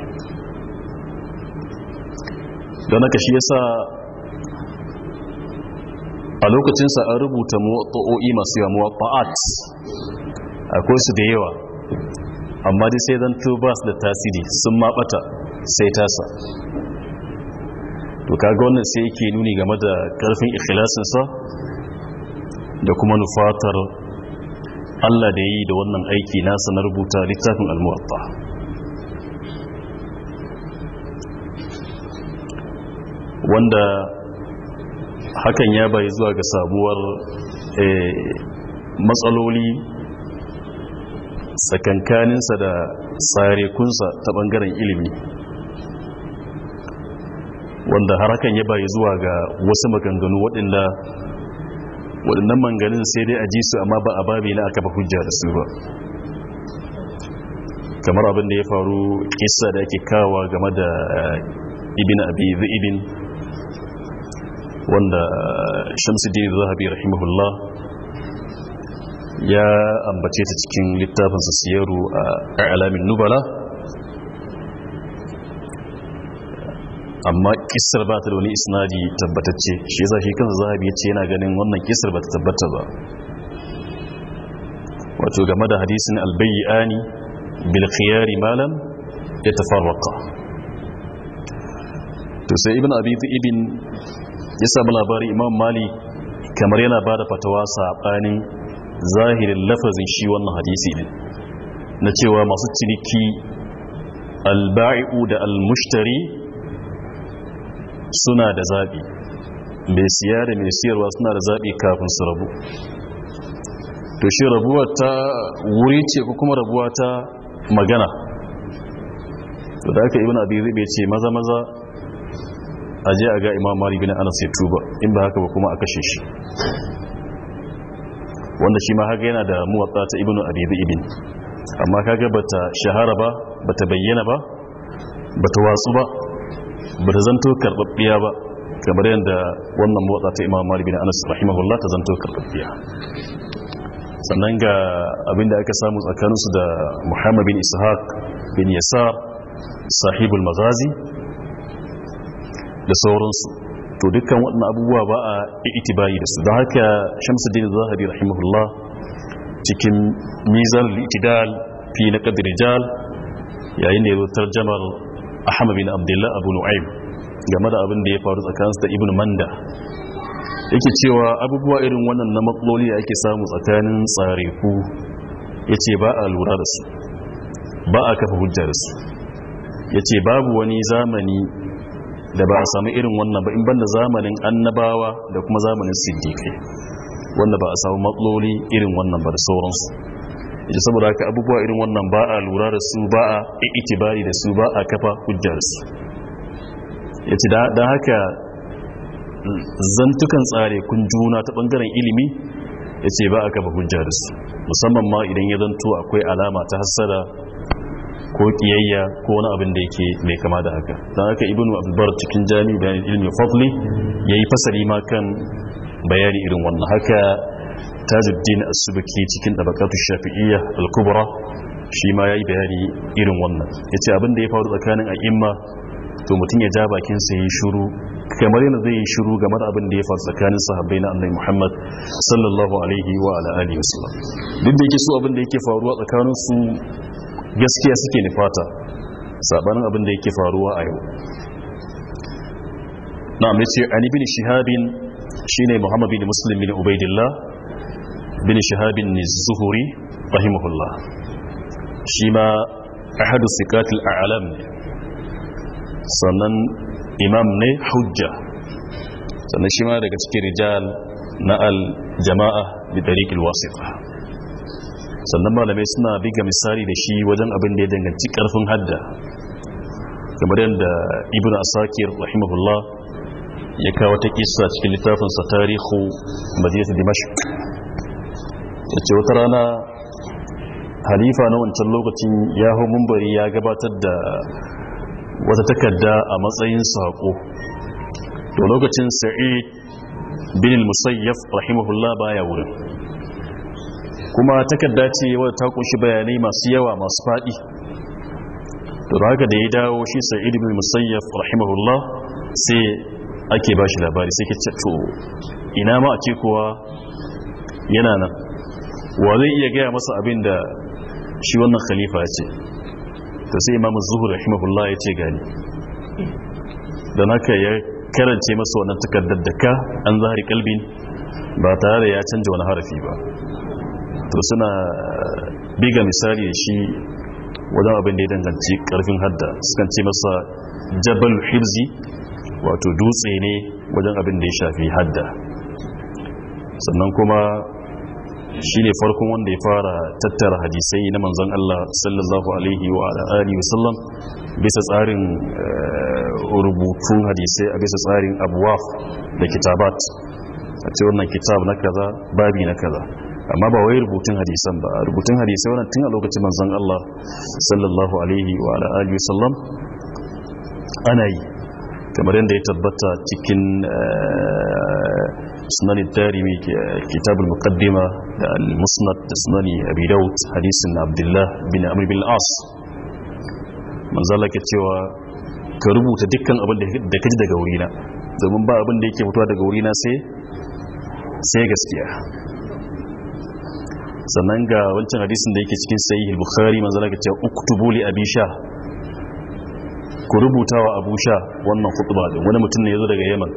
don haka shi yasa a lokacinsa an rubuta muwatta'o'i masu yawa muwatta'at akwai su da yawa amma dai sai zanto ba su da tasiri sun mabata sai tasa to kaga wannan sai yake nuni game da ƙarfin ikhlasinsa da kuma nufatar Allah da ya yi da wannan aiki nasa na rubuta littafin al-muwatta wanda hakan ya bayi zuwa ga sabuwar eh, matsaloli tsakankaninsa da tsarekunsa ta ɓangaren ilimi wanda har hakan ya bayi zuwa ga wasu maganganu waɗanda waɗannan manganin sai dai a ji su amma ba a babi na aka ba hujja da su ba kamar abin da ya faru kisa da ake kawa game da eh, ibn abi ibin wanda eh, shamsuddin zahabi rahimahullah ya ambace ta cikin su siyaru a eh, alamin nubala amma kisar ba ta da wani isnadi tabbatacce shi yasa shi kan zahabi ya ce yana ganin wannan kisar ba ta tabbata ba wato game da hadisin Ani, bilkiyari malam ya tafarraka to sai ibn abi ibn ya samu labari imam mali kamar yana ba da fatawa saɓanin zahirin lafazin shi wannan hadisi ne na cewa masu ciniki alba'i'u da almushtari suna da zaɓi mai siya da mai siyarwa suna da zaɓi kafin su rabu to shi rabuwa ta wuri ce ko kuma rabuwa ta magana to da aka ibn abin zai ce maza maza a je a ga imam mari bin anas ya tuba in ba haka ba kuma a kashe shi wanda shi ma haka yana da muwatsa ta a bebe zai amma kaga bata shahara ba bata bayyana ba bata watsu ba ba ta zanto karɓaɓɓiya ba kamar yadda wannan motsa ta imam malik anas rahimahullah ta zanto karɓaɓɓiya sannan ga abinda aka samu tsakaninsu da muhammad bin ishaq bin yasar sahibul mazazi da sauransu to dukkan waɗannan abubuwa ba a itibayi da su don haka shamsuddin zahabi rahimahullah cikin mizan al fi na qadr yayin da ya zo tarjamar ahmad bin abdullah abu nu'aym game da abin da ya faru tsakaninsu da ibn manda yake cewa abubuwa irin wannan na matsaloli ake samu tsakanin ku ya ce ba a lura da su ba a kafa hujja da su ya ce babu wani zamani da ba a samu irin wannan ba in banda zamanin annabawa da kuma zamanin siddiƙai wanda ba a samu matsaloli irin wannan ba da sauransu ya saboda haka abubuwa irin wannan ba a lura da su ba a itibari da su ba a kafa hujjar su ya ce da haka zantukan tsare kun juna ta bangaren ilimi ya ce ba a kafa hujjar su musamman ma idan ya zanto akwai alama ta hassada ko kiyayya ko wani abin da yake mai kama da haka don haka ibn abubuwar cikin jami ilmi fafli ya yi fasari ma kan bayani irin wannan haka tajuddin as-subki cikin tabaqatu shafi'iyya al-kubra shi ma yayi bayani irin wannan yace abin da ya faru tsakanin a'imma to mutum ya ja bakin sa yayi shiru kamar yana zai yi shiru game da abin da ya faru tsakanin sahabbai na annabi Muhammad sallallahu alaihi wa ala alihi wasallam duk da yake su abin da yake faruwa tsakanin su gaskiya suke fata. sabanin abin da yake faruwa a yau na'am yace an ibn shihabin shine Muhammad bin Muslim bin Ubaidillah bin shahabin zuhuri rahimahullah shi ma ahadu sikatul a'alam ne sannan imam ne hujja sannan shi ma daga cikin rijal na al da tariqil wasifa sannan malamai suna biga misali da shi wajen abin da ya danganci karfin hadda kamar yadda ibn asakir rahimahullah ya kawo ta kisa cikin littafinsa tarihu madinatu dimashq ya ce wata rana halifa na wancan lokacin ya hau mumbari ya gabatar da wata takarda a matsayin saƙo to lokacin sa'id bin musayyaf rahimahullah baya wurin kuma takarda ce wadda ta kunshi bayanai masu yawa masu faɗi to haka da ya dawo shi sa'id bin musayyaf rahimahullah sai ake ba shi labari sai ke ce to ina ma a ce kuwa yana nan wa zai iya gaya masa abin da shi wannan khalifa ce ta sai imamu zuhur rahimahullah ya ce gani don haka ya karance masa wannan takardar da ka an zahari kalbin ba tare da ya canja wani harafi ba to suna biga misali da shi wajen abin da ya danganci karfin hadda sukan ce masa jabal Hibzi. wato dutse ne wajen abin da ya shafi hadda sannan kuma Shi ne farkon wanda ya fara tattara hadisai na manzon Allah sallallahu alaihi wa bisa tsarin eh, rubutun hadisai a bisa tsarin abuwa da kitabat a ce wannan kitab na kaza babi na kaza amma ba wai rubutun hadisan ba rubutun hadisai wannan tun a lokacin manzon Allah sallallahu alaihi wa ana yi kamar yadda ya tabbata cikin eh, sunan tarihi ke kitabul muqaddima da al-musnad da sunan abi daud hadisin abdullah bin amr bin al-as manzala ke cewa ka rubuta dukkan abin da kaji daga wurina domin ba abin da yake mutuwa daga wurina sai sai gaskiya sannan ga wancan hadisin da yake cikin sahih al-bukhari manzala ke cewa uktubu li abi sha ku rubuta wa abu sha wannan khutba din wani mutum ne yazo daga yaman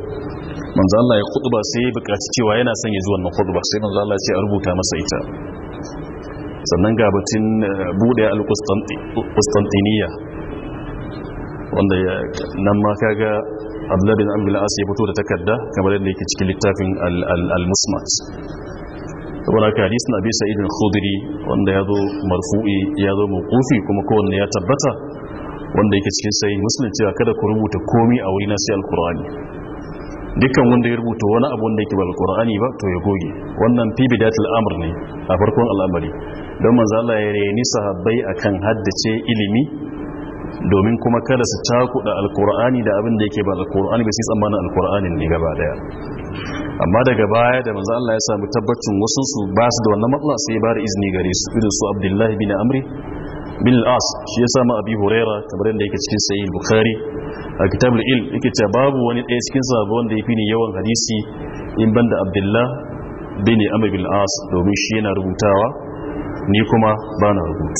manzo Allah ya khutba sai ya buƙaci cewa yana son ya ji wannan khutba sai manzo Allah ce a rubuta masa ita sannan ga batun eh, bude al-Qustantiniya wanda ya nan ma kaga Abdullah bin Amr al ya fito da takarda kamar yadda yake cikin littafin al-Musnad wannan ka hadisin Abi Sa'id al-Khudri wanda ya zo marfu'i ya zo mawqufi kuma kowanne ya tabbata wanda yake cikin sai muslim cewa kada ku rubuta komai a wuri na sai al-Qur'ani dukkan wanda ya rubuta wani abu wanda yake ba alkur'ani ba to ya goge wannan fi bidatul amr ne a farkon al'amari don manzo Allah ya reni sahabbai akan haddace ilimi domin kuma kada su takuda alkur'ani da abin da yake ba alkur'ani ba sai tsammanin alkur'anin ne gaba daya amma daga baya da manzo Allah ya samu tabbacin wasu su ba su da wannan matsala sai ba da izini gare su irin su Abdullahi bin Amri bin al shi ya sami abi huraira kamar yadda yake cikin sahih bukari a kitab al-ilm yake cewa babu wani ɗaya cikin sahabbai wanda ya yafi ni yawan hadisi in banda abdullah bin amr bin al domin shi yana rubutawa ni kuma ba na rubutu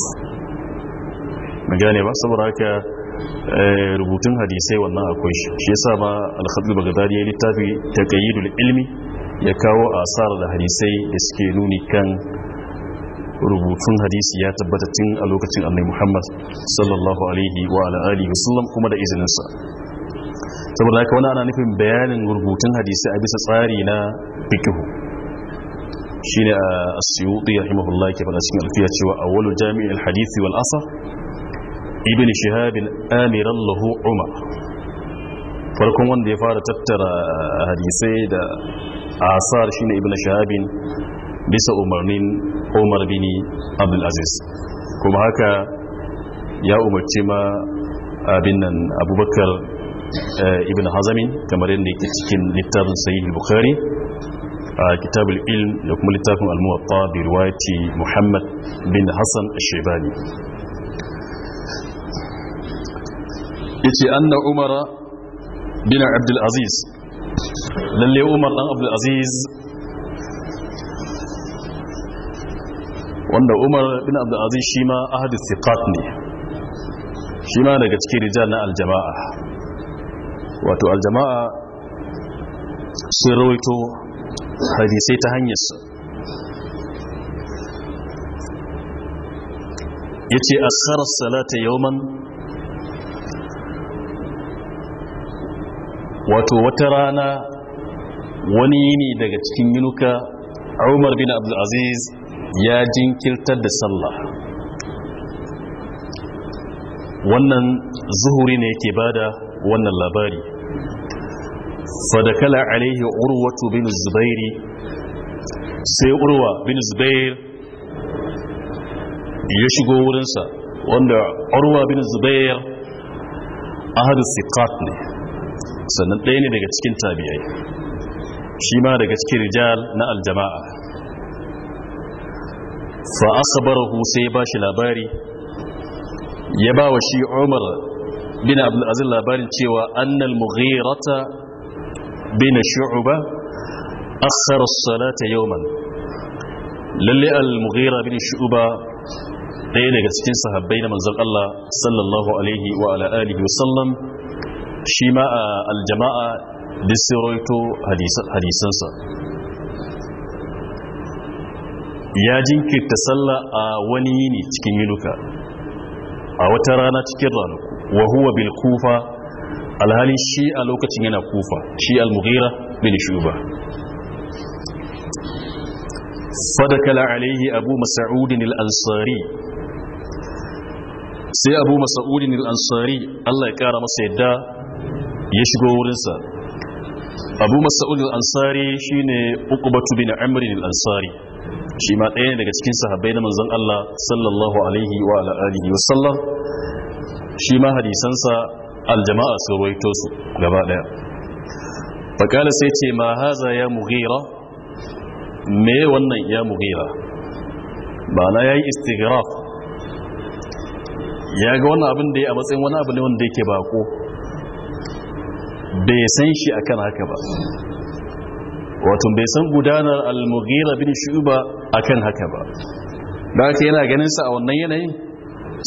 mun gane ba saboda haka eh, rubutun hadisai wannan akwai shi shi yasa ma al-khatib baghdadi ya littafi taqayyidul ilmi ya kawo asarar da hadisai da suke nuni kan rubutun hadisi ya tabbata tun a lokacin annai muhammad sallallahu alaihi wa ala alihi kuma da izininsa saboda haka wani ana nufin bayanin rubutun hadisi a bisa tsari na fikihu shi ne a ah, siyuɗi rahimahullah ke faɗa cikin alfiya cewa a walu jami'in hadisi wal asa ibn shahabin amiran lahu umar farkon wanda ya fara tattara ah, hadisai da asar shine ibn shahabin bisa umarnin umar bin Abdul Aziz kuma haka ya umarci ma abin nan abubakar ibn hazamin kamar yadda yake cikin littafin sahih al bukhari a kitabul ilm da kuma littafin al-muwatta bi riwayati muhammad bin hassan ash-shaybani yace anna umara bin abdul aziz lalle umar dan abdul aziz wanda umar bin abdulaziz shi ma ahadu siqat ne shi ma daga cikin rijal na aljama'a wato aljama'a sun rawaito hadisai ta hanyarsa ya ce a asarar salata yauman wato wata rana wani yini daga cikin yinuka umar bin abdulaziz ya jinkirtar da sallah wannan zuhuri ne yake bada wannan labari fadakala alaihi urwatu bin zubairi sai urwa bin zubair ya shigo wurinsa wanda urwa bin zubair ahadu siqat ne sannan ɗaya ne daga cikin tabi'ai shi ma daga cikin rijal na aljama'a fa asbarahu sai ba shi labari ya ba wa shi Umar bin Abdul Aziz labarin cewa annal mughirata bin shu'ba asara as-salata yawman lalle al-mughira bin shu'ba ɗaya daga cikin sahabbai na manzon Allah sallallahu alaihi wa ala alihi wasallam shi ma a aljama'a duk sai hadisansa ya jinkirta sallah a wani yini cikin yinuka a wata rana cikin ranaku wa huwa bil kufa alhali shi a lokacin yana kufa shi al-mughira bin shuba fadakala alaihi abu mas'udin al-ansari sai abu mas'udin al-ansari Allah ya kara masa yadda ya shigo wurinsa abu mas'ud al-ansari ne uqbatu bin amr al-ansari shi ma ɗaya daga cikin sahabbai na manzan Allah sallallahu alaihi wa ala wasallam wa shi ma hadisansa aljama'a sun rawaito su gaba ɗaya fakala sai ce ma haza ya mughira me wannan ya mughira ba na yayi istighraf ya ga wannan abin da ya a matsayin wani abu ne wanda yake bako bai san shi akan haka ba wato bai san gudanar al-mughira bin shu'ba akan haka ba da haka yana ganin sa a wannan yanayin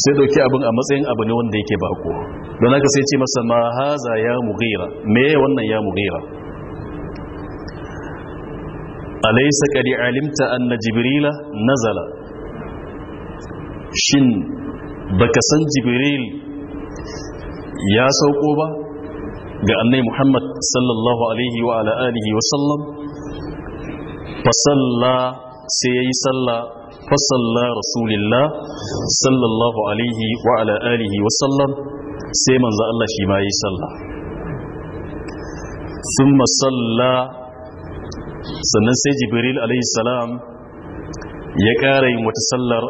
sai dauki abin a matsayin abu ne wanda yake bako don haka sai ce masa ma haza ya mughira me wannan ya mughira alaysa qad alimta anna jibrila nazala shin baka san jibril ya sauko ba ga annai muhammad sallallahu alaihi wa ala'alihi alihi wa sallam fasalla sai ya yi salla fasalla rasulillah sallallahu alaihi wa ala'alihi alihi wa sallam sai manza Allah shi ma yi salla sun masalla sannan sai jibril alaihi salam ya ƙara yin wata sallar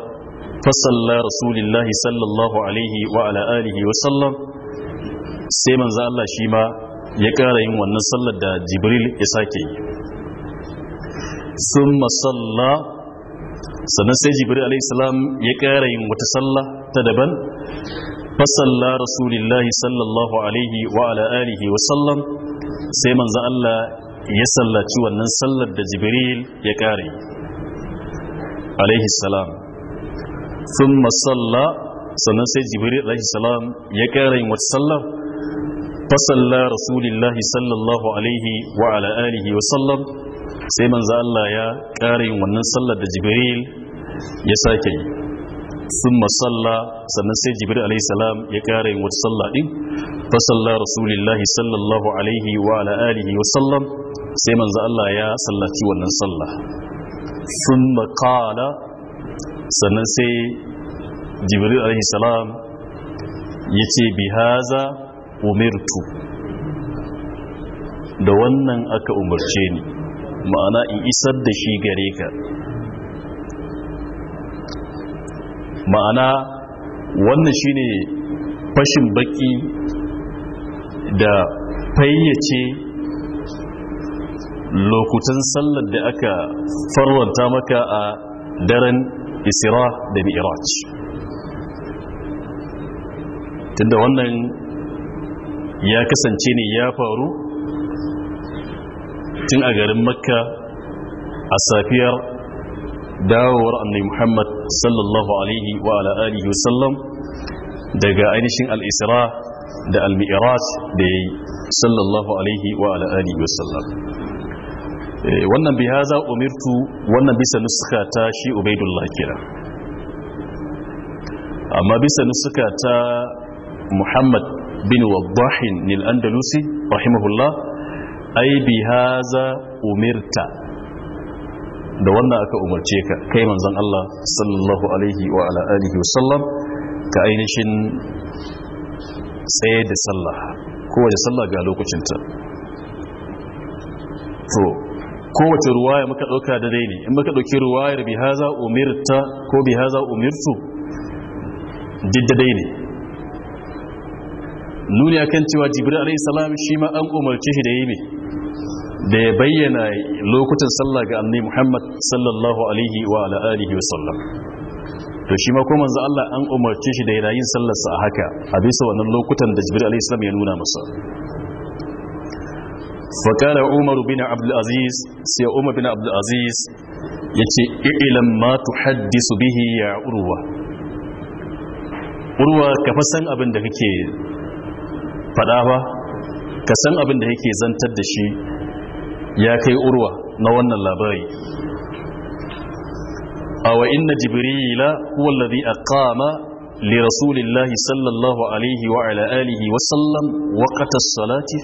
fasalla rasulillah sallallahu alaihi wa ala'alihi alihi wa sallam sai manzo Allah shi ma ya ƙara yin wannan sallar da jibril ya sake yi sun masalla sannan sai jibril alaihissalam ya ƙara yin wata salla ta daban fasalla rasulillahi sallallahu alaihi wa ala alihi wa sallam sai manzo Allah ya sallaci wannan sallar da jibril ya ƙara yi alaihissalam sun masalla sannan sai jibril alaihissalam ya ƙara yin wata sallar fasalla rasulillahi sallallahu alaihi wa ala alihi wa sallam sai manzo Allah ya ƙara yin wannan sallar da jibril ya sake yi sun masalla sannan sai jibril alaihi salam ya ƙara yin wata sallah din Fa salla rasulillahi sallallahu alaihi wa ala alihi wa sallam sai manzo Allah ya sallaci wannan sallah sun maƙala sannan sai jibril alaihi salam ya ce bi haza umirtu da wannan aka umarce ni ma'ana in isar da shi gare ka ma'ana wannan shine fashin baki da fayyace lokutan sallar da aka farwanta maka a daren isra da mi'raj tunda wannan ya kasance ne ya faru tun a garin makka a safiyar dawowar annai muhammad sallallahu alaihi wa ala'alihi wasallam daga ainihin al'isra da al-mi'raj da ya yi sallallahu alaihi wa ala'alihi wasallam eh, wannan bi haza umirtu wannan bisa nuska ta shi ubaidullah kira amma bisa nuska ta muhammad bin wadahin nil andalusi rahimahullah ai bi haza da wannan aka umarce ka kai manzon Allah sallallahu alaihi wa ala alihi wasallam ka ainihin tsaye da sallah kowace sallah ga lokacinta to kowace ruwaya muka ɗauka da dai ne in muka ɗauki ruwayar bi haza umirta ko ne nuni akan cewa jibril alayhi salam shi ma an umarci shi da yi ne da ya bayyana lokutan sallah ga annabi muhammad sallallahu alaihi wa ala alihi wa sallam to shi ma ko manzo Allah an umarci shi da yana yin sallar a haka a bisa wannan lokutan da jibril alayhi salam ya nuna masa فقال عمر بن عبد العزيز سي عمر بن عبد العزيز يتي اعلم ما تحدث به يا Urwa. Urwa كفسن abin da kake faɗa ba ka san abin da yake zantar da shi ya kai urwa na wannan labari a wa inna jibrila wallazi a aqama li rasulillahi sallallahu alaihi wa ala wa sallam waqta as-salati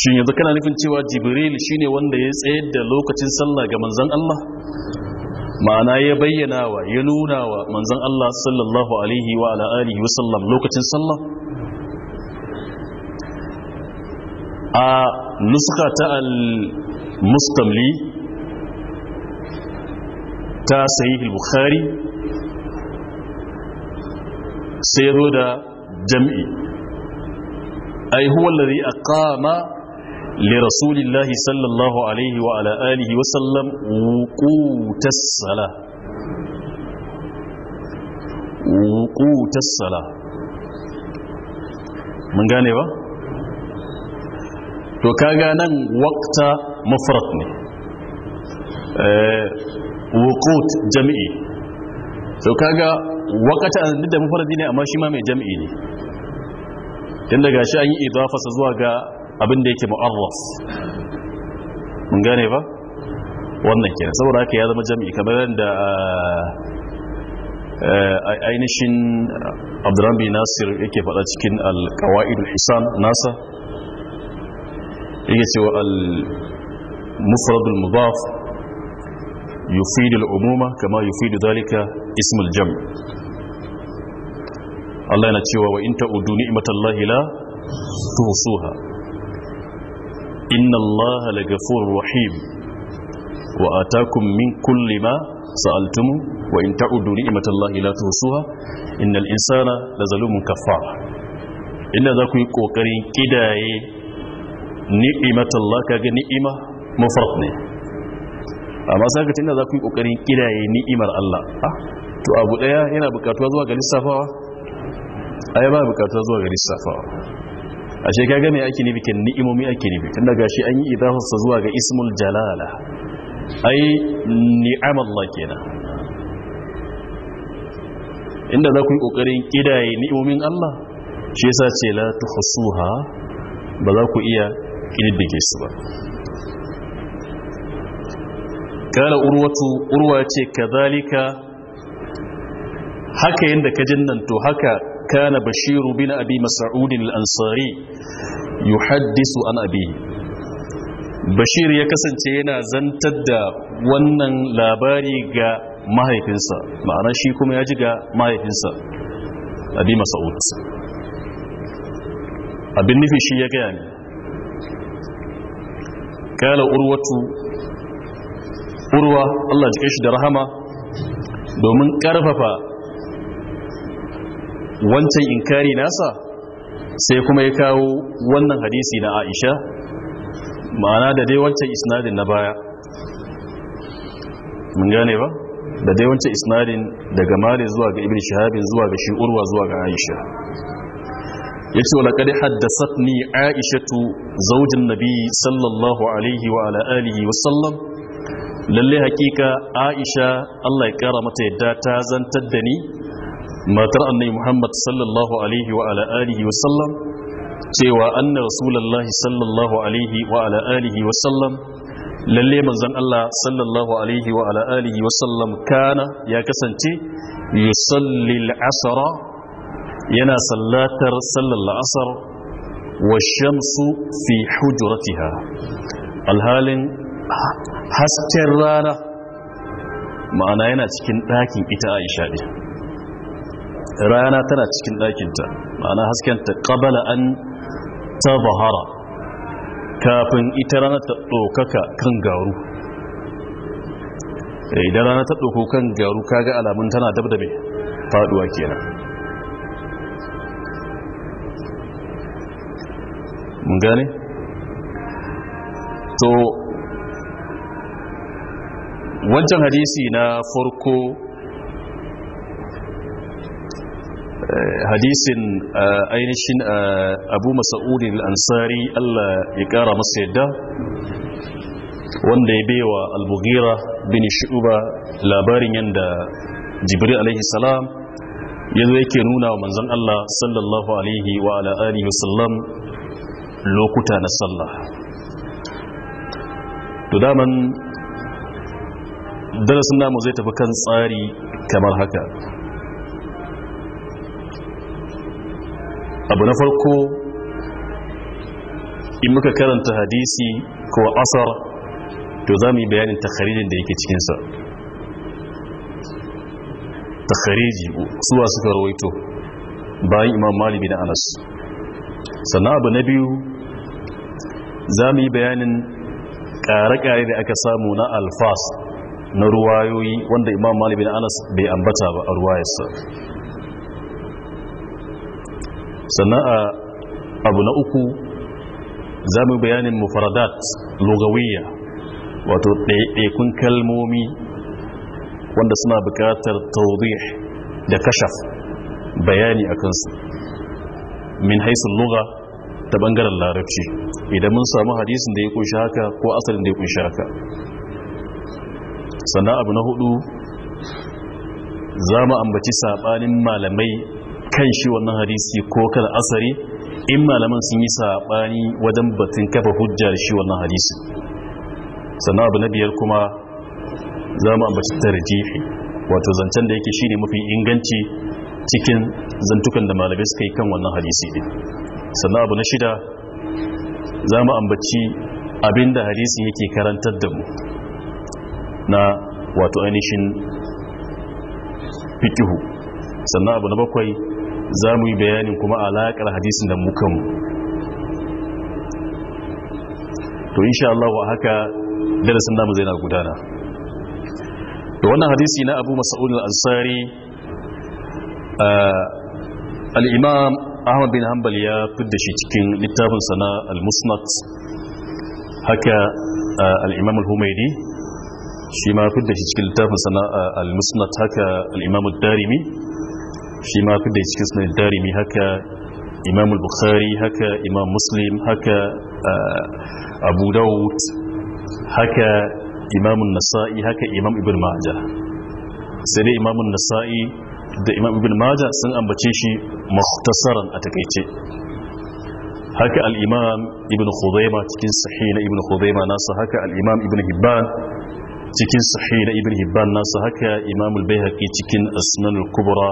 shi yanzu kana nufin cewa jibril shine wanda ya tsayar da lokacin sallah ga manzon Allah ma'ana ya bayyana wa ya nuna wa manzon Allah sallallahu alaihi wa ala wa sallam lokacin sallah a nuska ta al-mustamli ta sayi bukhari sai zo da jam'i ai huwa lari a kama rasulillahi sallallahu alaihi wa ala'alihi wasallam wukutas sala wukutas sala mun gane ba? to kaga nan wakta mafrat ne eh, wukut jami'i to kaga wakata duk da ne amma shi ma mai jam'i ne tun daga shi an yi idafasa zuwa ga abin da yake mu'arraf. mun gane ba wannan kenan saboda haka ya zama jami'i kamar da eh, ainihin abdurrahman nasir yake fada cikin alkawa'idul hisan nasa yake cewa al-mufradul mudaf yufidu al-umuma kama yufidu zalika ismul jam' Allah yana cewa wa in ta'udu ni'matallahi la tuhsuha inna Allah la ghafurur rahim wa atakum min kulli ma sa'altum wa in ta'udu ni'matallahi la tuhsuha innal insana la zalumun kafara inda za ku yi kokarin kidaye Allah kaga ni'ima mufrad ne amma sai ka tinda za ku yi kokarin kiraye ni'imar Allah ah, to abu daya yana bukatuwa zuwa ga lissafawa ai ba bukatuwa zuwa ga lissafawa ashe kaga me ake nufi kin ni'imomi ake nufi tunda gashi an yi idafarsa zuwa ga ismul jalala ai Allah kenan inda za ku yi ƙoƙarin ƙidaye ni'imomin Allah shi yasa ce la tuhsuha ba za ku iya ƙididdige su ba kala urwatu urwa ce kazalika haka yadda ka jinnan to haka kana bashiru bin abi mas'ud al-ansari yuhaddisu an abi bashir ya kasance yana zantar da wannan labari ga mahaifinsa ma'ana shi kuma ya ji ga mahaifinsa abi mas'ud abin nufi shi ya gaya ne kala urwatu urwa Allah jike shi da rahama domin karfafa wancan inkari nasa sai kuma ya kawo wannan hadisi na Aisha ma'ana da dai wancan isnadin na baya mun gane ba da dai wancan isnadin daga Malik zuwa ga ibn Shihab zuwa ga shi urwa zuwa ga Aisha ya ce walaƙar haddasat ni aishatu zaujin nabi sallallahu alaihi wa ala'alihi wasallam lalle hakika aisha allah ya kara mata yadda ta zantar da ni matar annai muhammad sallallahu alaihi wa ala'alihi wasallam cewa anna rasulallah sallallahu alaihi wa ala'alihi wasallam lalle manzan allah sallallahu alaihi wa ala'alihi wasallam kana ya kasance yusallil asara yana sallatar sallar la'asar wa shamsu fi hujuratiha alhalin hasken rana ma'ana yana cikin ɗakin ita a ishaɗe rana tana cikin ɗakinta ma'ana haskenta ƙabala an ta bahara kafin ita rana ta ɗaukaka kan garu eh, idan rana ta ɗauko kan garu kaga alamun tana dabdabe faɗuwa kenan mun gane to wancan hadisi na farko eh, hadisin eh, ainihin eh, abu masa'uri al'ansari Allah ya ƙara masa yadda wanda ya bewa al-bughira bin shuuba labarin yadda jibril alaihi salam yadda yake nuna wa manzan Allah sallallahu alaihi wa ala lokuta na sallah to daman darasin namu zai tafi kan tsari kamar haka abu na farko in muka karanta hadisi ko asar to za mu yi bayanin takharijin da yake cikinsa takhariji suwa suka rawaito bayan imam malibi na anas sannan abu na biyu za mu yi bayanin ƙare-ƙare da aka samu na alfas na ruwayoyi wanda imam malibin anas bai ambata ba a ruwayarsa sannan a abu na uku za mu bayanin mufaradat lugawiyya wato ɗaiɗaikun kalmomi wanda suna buƙatar taudih da kashaf bayani a kansu min haisun lugawiyya ta bangaren larabci idan mun samu hadisin da ya kunshi haka ko asalin da ya kunshi haka sannan abu na hudu za mu ambaci sabanin malamai kan shi wannan hadisi ko kan asari in malaman sun yi sabani wajen batun kafa hujjar shi wannan hadisi sannan abu na biyar kuma za mu ambaci tarjihi wato zancen da yake shi ne mafi inganci cikin zantukan da malamai suka yi kan wannan hadisi ne sannan abu na shida za mu ambaci abinda hadisin yake karantar da mu na wato ainihin fikihu sannan abu na bakwai za mu yi bayanin kuma alaƙar hadisin da mukan to insha Allah wa haka darasin namu zai na gudana to wannan hadisi na abu masa'ud al-ansari eh, al-imam ahmad bin hanbal ya fidda shi cikin littafinsa na al-musnad haka al-imam al humaydi shi ma fidda shi cikin littafinsa na al-musnad haka al-imam al-darimi shi ma fidda shi cikin sunan darimi haka imam al-bukhari haka imam muslim haka abu dawud haka imam an-nasa'i haka imam ibn majah sai dai imam an-nasa'i da imam ibn maja sun ambace shi mukhtasaran a takaice haka al-imam ibn khuzaima cikin sahih na ibn khuzaima nasa haka al-imam ibn hibban cikin sahih na ibn hibban nasa haka imam al-baihaqi cikin asnan al-kubra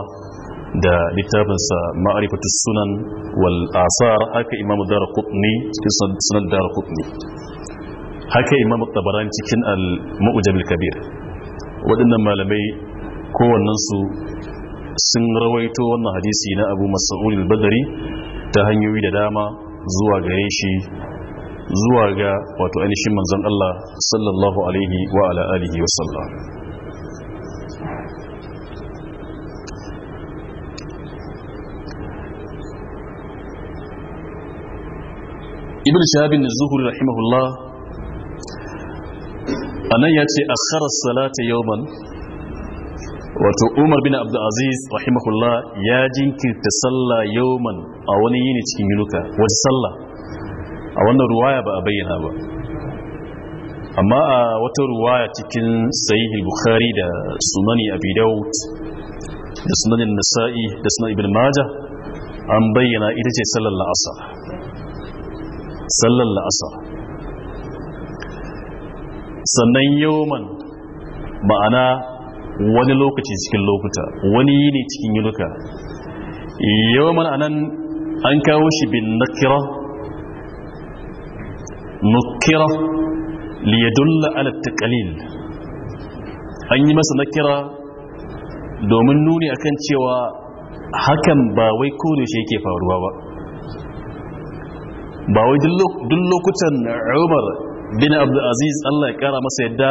da littafinsa ma'arifatu sunan wal asar haka imam ad-darqutni cikin sunan ad-darqutni haka imam tabarani cikin al-mu'jam al-kabir waɗannan malamai kowannensu sun rawaito wannan hadisi na abu mas'ud al ta hanyoyi da dama zuwa gare shi zuwa ga wato ainihin manzon Allah sallallahu alaihi wa ala alihi wa sallam ibn shahabin zuhuri rahimahullah anan ya ce akhara salata yawman wato umar bin abdulaziz rahimahullah ya jinkirta sallah yawman a wani yini cikin yinuka wata sallah a wannan ruwaya ba a bayyana ba amma a wata ruwaya cikin sahih bukhari da sunani abi daud da sunanin nasa'i da sunan ibn majah an bayyana ita ce sallar la'asar sallar la'asar sannan yawman ma'ana wani lokaci cikin lokuta wani yi ne cikin yiluka yawan nan an kawo shi bin nakira nukira liyadulla ala taqalil an yi masa nakira domin nuni akan cewa hakan ba wai kone shi yake faruwa ba ba wai duk lokutan umar bin aziz, allah ya kara masa yadda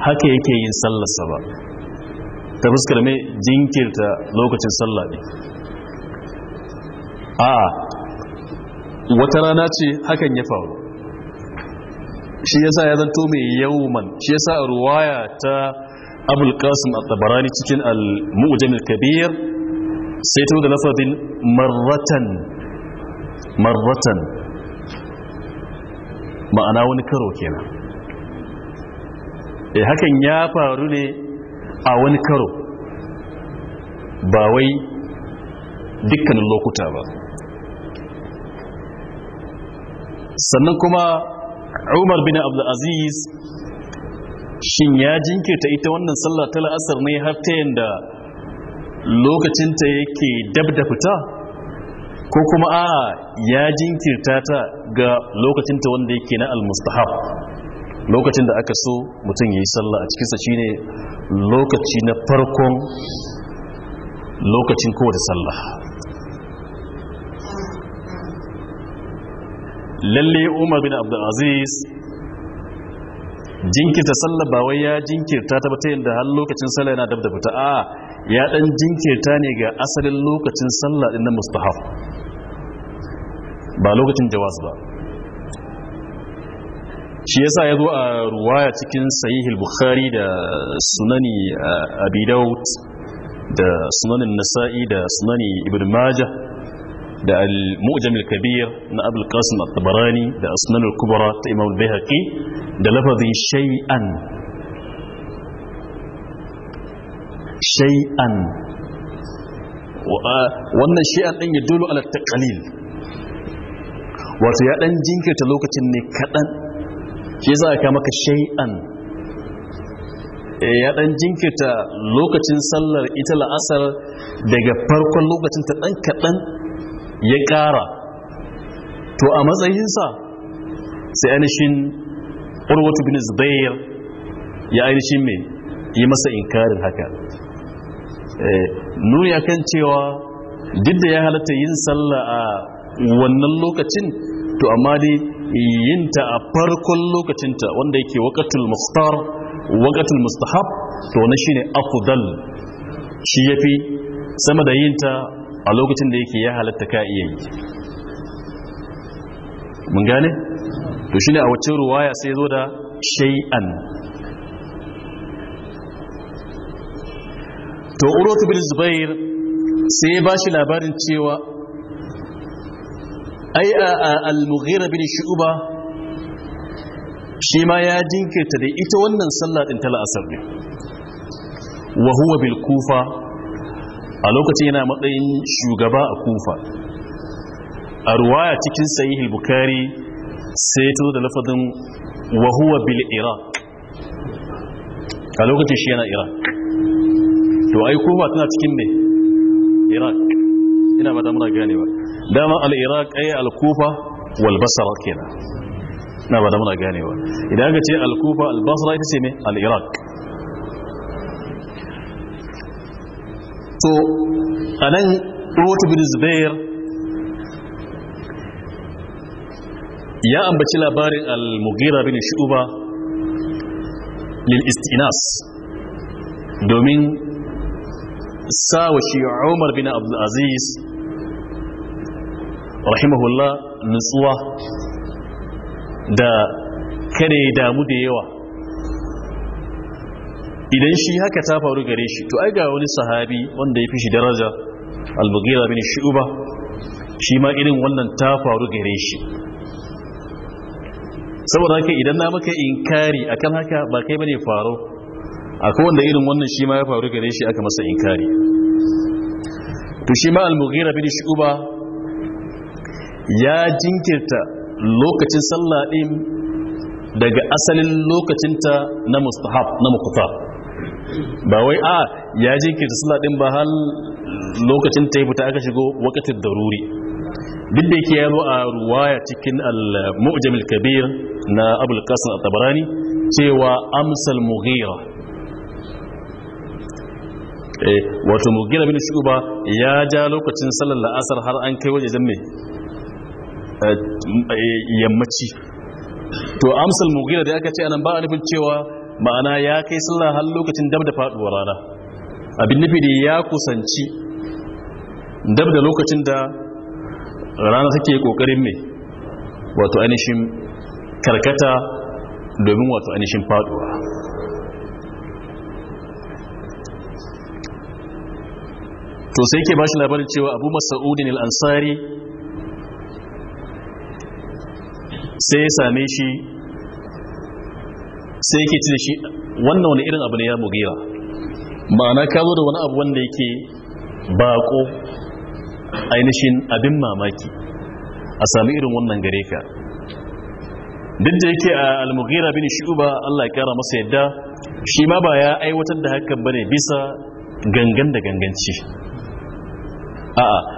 haka yake yin sallarsa ba ta fuskar mai jinkirta lokacin sallah ne a wata rana ce hakan ya faru shi yasa ya zanto mai man. shi yasa a ruwaya ta abul kasim a tabarani cikin al mujamil kabir sai ta da lafafin marratan marratan ma'ana wani karo kenan eh hakan ya faru ne a wani karo ba wai dukkanin lokuta ba sannan kuma umar bin abdulaziz shin ya jinkirta ita wannan sallah ta la'asar ne har ta yanda lokacinta yake dab da fita ko kuma a ya jinkirta ta ga lokacinta wanda yake na almustahab lokacin da aka so mutum ya yi sallah a cikinsa shi ne lokaci na farkon lokacin kowace sallah lalle umar bin abdulaziz jinkirta sallah ba wai ya jinkirta ta bata yadda har lokacin sallah yana dab da fita a ya dan jinkirta ne ga asalin lokacin sallah din na Mustahaf. ba lokacin jawaz ba shi yasa ya zo a ruwaya cikin sahihul bukhari da sunani abi daud da sunanin nasa'i da sunani ibn majah da al-mu'jam al-kabir na abul qasim at-tabarani da asnan al-kubra ta imam al-bayhaqi da lafazin shay'an shay'an wannan shay'an din ya dole ala taqalil wato ya dan jinkirta lokacin ne kadan shi za ka maka shai'an eh, ya ɗan jinkirta lokacin sallar ita la'asar daga farkon lokacin ta dan kaɗan ya ƙara to a matsayinsa sai ainihin urwatu bin zubair ya ainihin mai yi masa inkarin haka eh, nuni kan cewa duk da ya halatta yin sallah a wannan lokacin to amma dai yinta a farkon lokacinta wanda yake wakatul mustar wakatul mustahab to na shine afdal shi yafi sama da yinta a lokacin da yake ya halatta ka iya yi mun gane to shine a wacce ruwaya sai zo da shay'an to urwatu bin zubair sai ya bashi labarin cewa ai al-mughira bin shu'ba shi ma ya jinkirta da ita wannan sallah din ta la'asar ne wa huwa bil kufa a lokacin yana matsayin shugaba a kufa a ruwaya cikin sahih al-bukhari sai ta da lafazin wa huwa bil iraq a lokacin shi yana iraq to ai kufa tana cikin ne iraq ina ba da muna ganewa dama al-iraq ay al-kufa wal kenan na ba da muna ganewa idan aka ce al-kufa al-basra ita ce ne al-iraq to anan ruwatu bin zubair ya ambaci labarin al mugira bin shu'ba lil istinas domin sawa shi Umar bin abdulaziz Aziz rahimahullah nutsuwa da kare damu da yawa idan shi haka ta faru gare shi to ai ga wani sahabi wanda ya fi shi daraja al-mughira bin shu'ba shi ma irin wannan ta faru gare shi saboda haka idan na maka inkari akan haka ba kai bane faro akwai wanda irin wannan shi ma ya faru gare shi aka masa inkari to shi ma al-mughira bin shu'ba ya jinkirta lokacin sallah din daga asalin lokacinta na mustahab na mukufa ba wai a ya jinkirta sallah din ba hal lokacin ta yi fita aka shigo wakatin daruri duk da yake ya zo a ruwaya cikin al-mu'jam al-kabir na abul qasim at-tabarani cewa amsal mughira eh wato mughira bin shuba ya ja lokacin sallar asar har an kai waje mai Eh, yammaci to amsal mugira da aka ce anan ba a nufin cewa ma'ana ya kai sallah har lokacin dab da faduwar rana abin nufi da ya kusanci dab da lokacin da rana take kokarin mai wato ainihin karkata domin wato ainihin faduwa to sai ke bashi labarin cewa abu masa'udin ansari sai ya same shi sai yake ce shi wannan wani irin abu ne ya mugira ma'ana ka zo da wani abu wanda yake bako ainihin abin mamaki a sami irin wannan gare ka duk da yake a almugira bin shuba Allah ya kara masa yadda shi ma ba ya aiwatar da hakan bane bisa gangan da ganganci a'a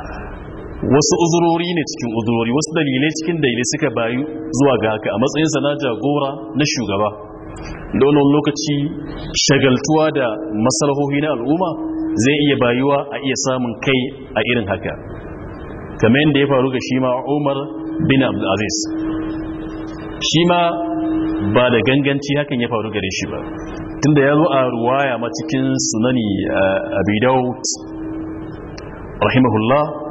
wasu uzurori ne cikin uzurori wasu dalilai cikin dalilai suka bayu zuwa ga haka a matsayinsa na jagora na shugaba da wani lokaci shagaltuwa da masalahohi na al'umma zai iya bayuwa a iya samun kai a irin haka kamar yadda ya faru ga shi ma umar bin abdulaziz shi ma ba da ganganci hakan ya faru gare shi ba tunda ya zo a ruwaya ma cikin sunani eh, abi rahimahullah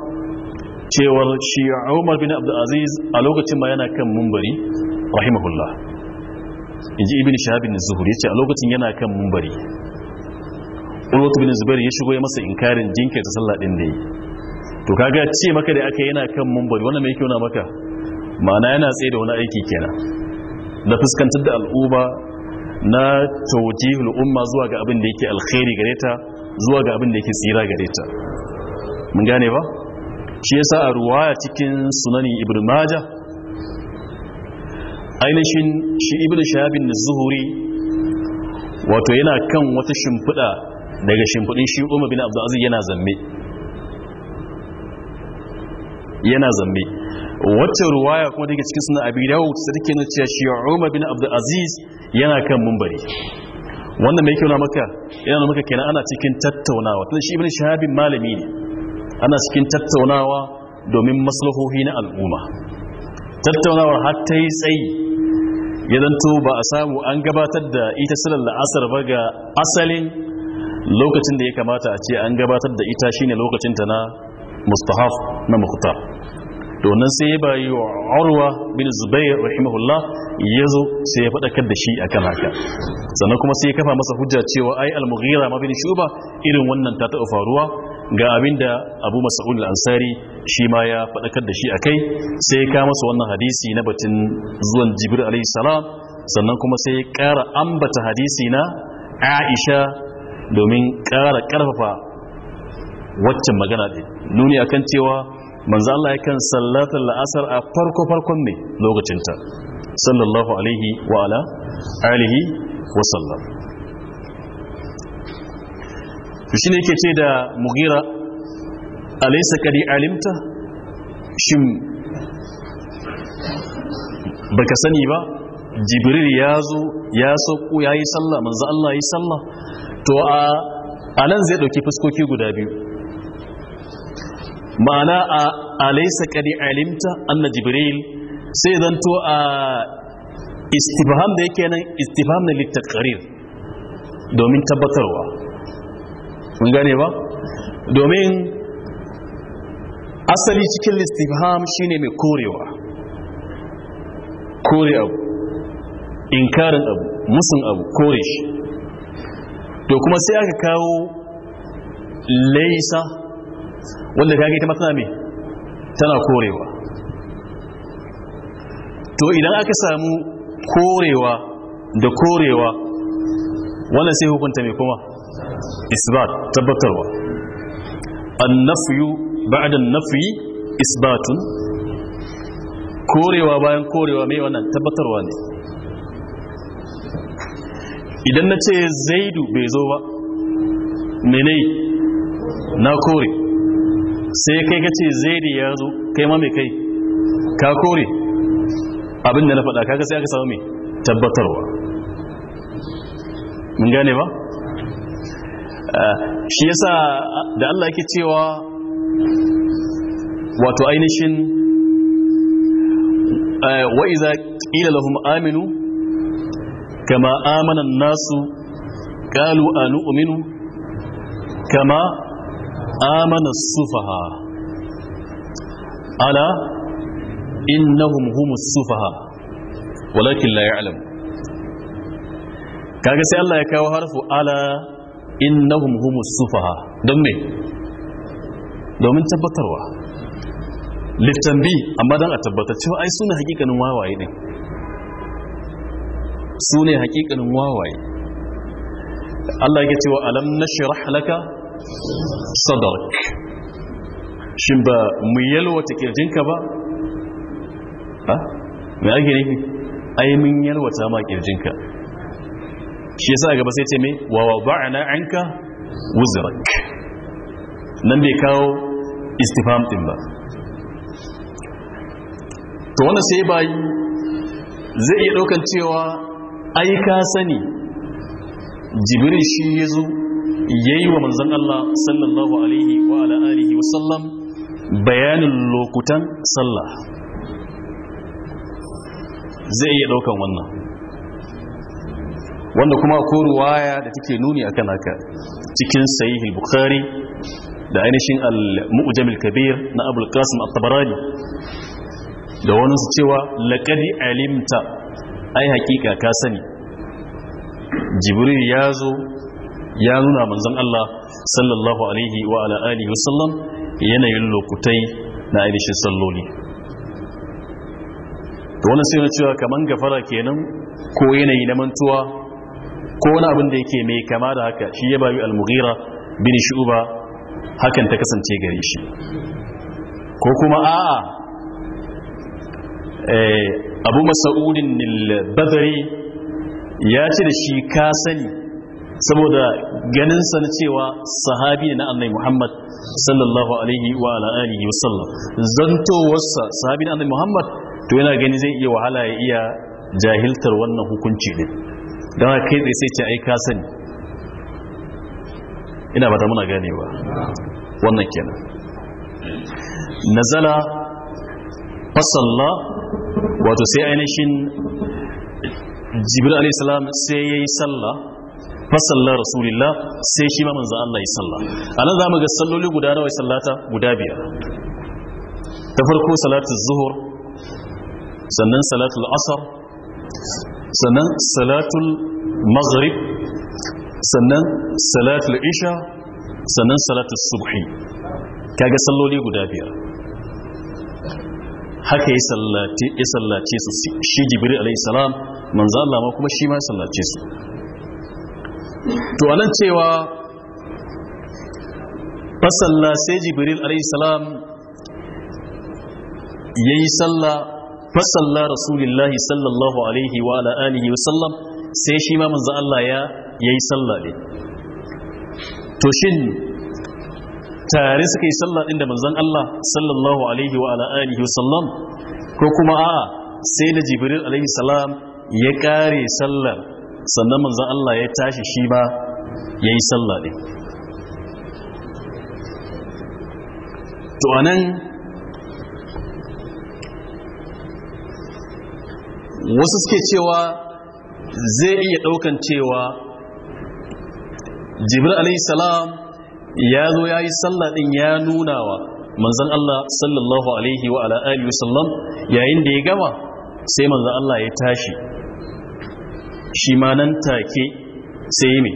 cewar shi umar bin abdulaziz a lokacin ma yana kan mumbari rahimahullah in ji ibn shahabin zuhuri ya ce a lokacin yana kan mumbari ulwatu bin Zubairu ya shigo ya masa inkarin jinkirta sallah din da yi to kaga ce maka da aka yana kan mumbari wannan mai kyau na maka ma'ana yana tsaye da wani aiki kenan na fuskantar da al'umma na tawjihul umma zuwa ga abin da yake alkhairi gare ta zuwa ga abin da yake tsira gare ta mun gane ba shi ya sa a ruwaya cikin sunani ibn maja ainihin shi ibn shahabin zuhuri wato yana kan wata shimfiɗa daga shimfiɗin shi umar bin azu yana zambe yana zambe wacce ruwaya kuma daga cikin suna yawon dawo sarki na cewa shi umar bin Aziz yana kan mumbari wannan mai kyau na maka yana maka kenan ana cikin tattaunawa tun shi ibn shahabin malami ne ana cikin tattaunawa domin maslahohi na al'umma tattaunawar har ta yi tsayi ya zanto ba a samu an gabatar da ita silar la'asar ba ga asalin lokacin da ya kamata a ce an gabatar da ita shine lokacinta na mustahaf na mukhtar domin sai ya bayi wa urwa bin zubair rahimahullah ya zo sai ya faɗakar da shi akan haka sannan kuma sai ya kafa masa hujja cewa ai al-mughira ma bin shuba irin wannan ta taɓa faruwa ga abinda abu mas'ud ansari shi ma ya faɗakar da shi a kai, sai ka masa wannan hadisi na batun zuwan jibril salam sannan kuma sai ya ƙara ambata hadisi na aisha domin ƙara ƙarfafa waccan magana ɗin nuni kan cewa manza Allah ya yakan sallatar la'asar a farko farkon ne lokacinta sallallahu alaihi wa ala alihi wa sallam to shi ne ke ce da mugira alaisa kari alimta shin baka sani ba jibril ya zo ya sauko ya yi sallah manzo Allah ya yi sallah to a nan zai dauki fuskoki guda biyu ma'ana a alaisa kari alimta anna jibril sai to a istifham da yake nan istifham na littaqrir domin tabbatarwa mun gane ba domin asali cikin listifham shine mai korewa kore abu inkarin abu musun abu kore shi to kuma sai aka kawo laisa wanda ka gaita matana mai tana korewa to idan aka samu korewa da korewa wannan sai hukunta mai kuma isbat tabbatarwa annafiyu nafi isbatun korewa bayan korewa mai wannan tabbatarwa ne idan na ce zaidu bai zo ba menai na kore sai kai ka ce zaidu ya zo kai ma mai kai ka kore abinda na faɗa kaga sai aka samu mai tabbatarwa mun gane ba Eh, shi yasa da Allah yake cewa wato ainihin eh, wa iza qila lahum aminu kama amana an-nasu qalu anu'minu kama amana as-sufaha ala innahum humus sufaha walakin la ya'lam kaga sai Allah ya kawo harfu ala innahum humus sufaha don me domin tabbatarwa liftan bi amma don a tabbatar cewa ai suna hakikanin wawaye ne suna hakikanin wawaye Allah ya ce wa alam nashrah laka sadrak shin ba mu yalwata kirjinka ba ha me ake nufi ai mun yalwata ma kirjinka shi yasa gaba sai ce me wa wada'na anka wuzrak nan bai kawo istifham din ba to wannan sai bai zai iya daukan cewa ai ka sani jibril shi yazo yayi wa manzon Allah sallallahu alaihi wa ala alihi wa sallam bayanin lokutan sallah zai iya daukan wannan wanda kuma ko ruwaya da take nuni akan haka cikin sahih al-bukhari da ainihin al-mu'jam al-kabir na abul qasim at-tabarani da wani su cewa laqad alimta ai hakika ka sani jibril ya zo ya nuna manzon Allah sallallahu alaihi wa ala alihi wasallam yanayin lokutai na ainihin salloli to wannan sai na cewa kaman gafara kenan ko yanayi na mantuwa ko wani abin da yake mai kama da haka shi ya bayu al-mughira bin shu'ba hakan ta kasance gare shi ko kuma a'a eh, abu masa'udin al-badri ya ce da shi ka sani saboda ganin sa na cewa sahabi na annabi muhammad sallallahu alaihi wa ala alihi wa sallam wasa sahabi na annabi muhammad to yana gani zai iya wahala ya iya jahiltar wannan hukunci din don haka kai sai ce aika ka sani ina ba ta muna ganewa wannan kenan nazala fasalla wato sai ainihin jibril alaihissalam sai ya yi sallah fasalla rasulillah sai shi ma manzo Allah ya sallah a nan za mu ga salloli guda nawa sallata guda biyar ta farko salatu zuhur sannan salatul asar sannan salatul maghrib sannan salatul isha sannan salatul subhi kaga salloli guda biyar haka ya sallace su shi jibiri alaihissalam manzo Allah ma kuma shi ma ya sallace su to anan cewa fasalla sai jibril alaihissalam ya yi sallah fasalla rasulullahi sallallahu alaihi wa ala alihi wa sallam sai shi ma manzo Allah ya yayi sallah ne to shin tare suka yi sallah din da manzon Allah sallallahu alaihi wa ala alihi wa sallam ko kuma a sai da jibril alaihi salam ya kare sallar sannan manzon Allah ya tashi shi ba yayi sallah din to anan wasu suke cewa zai iya ɗaukan cewa jibir alayhi ya zo ya yi sallah ɗin ya nunawa manzan Allah sallallahu alaihi wa ala yayin da ya gama sai manzan Allah ya tashi shi ma nan take sai yi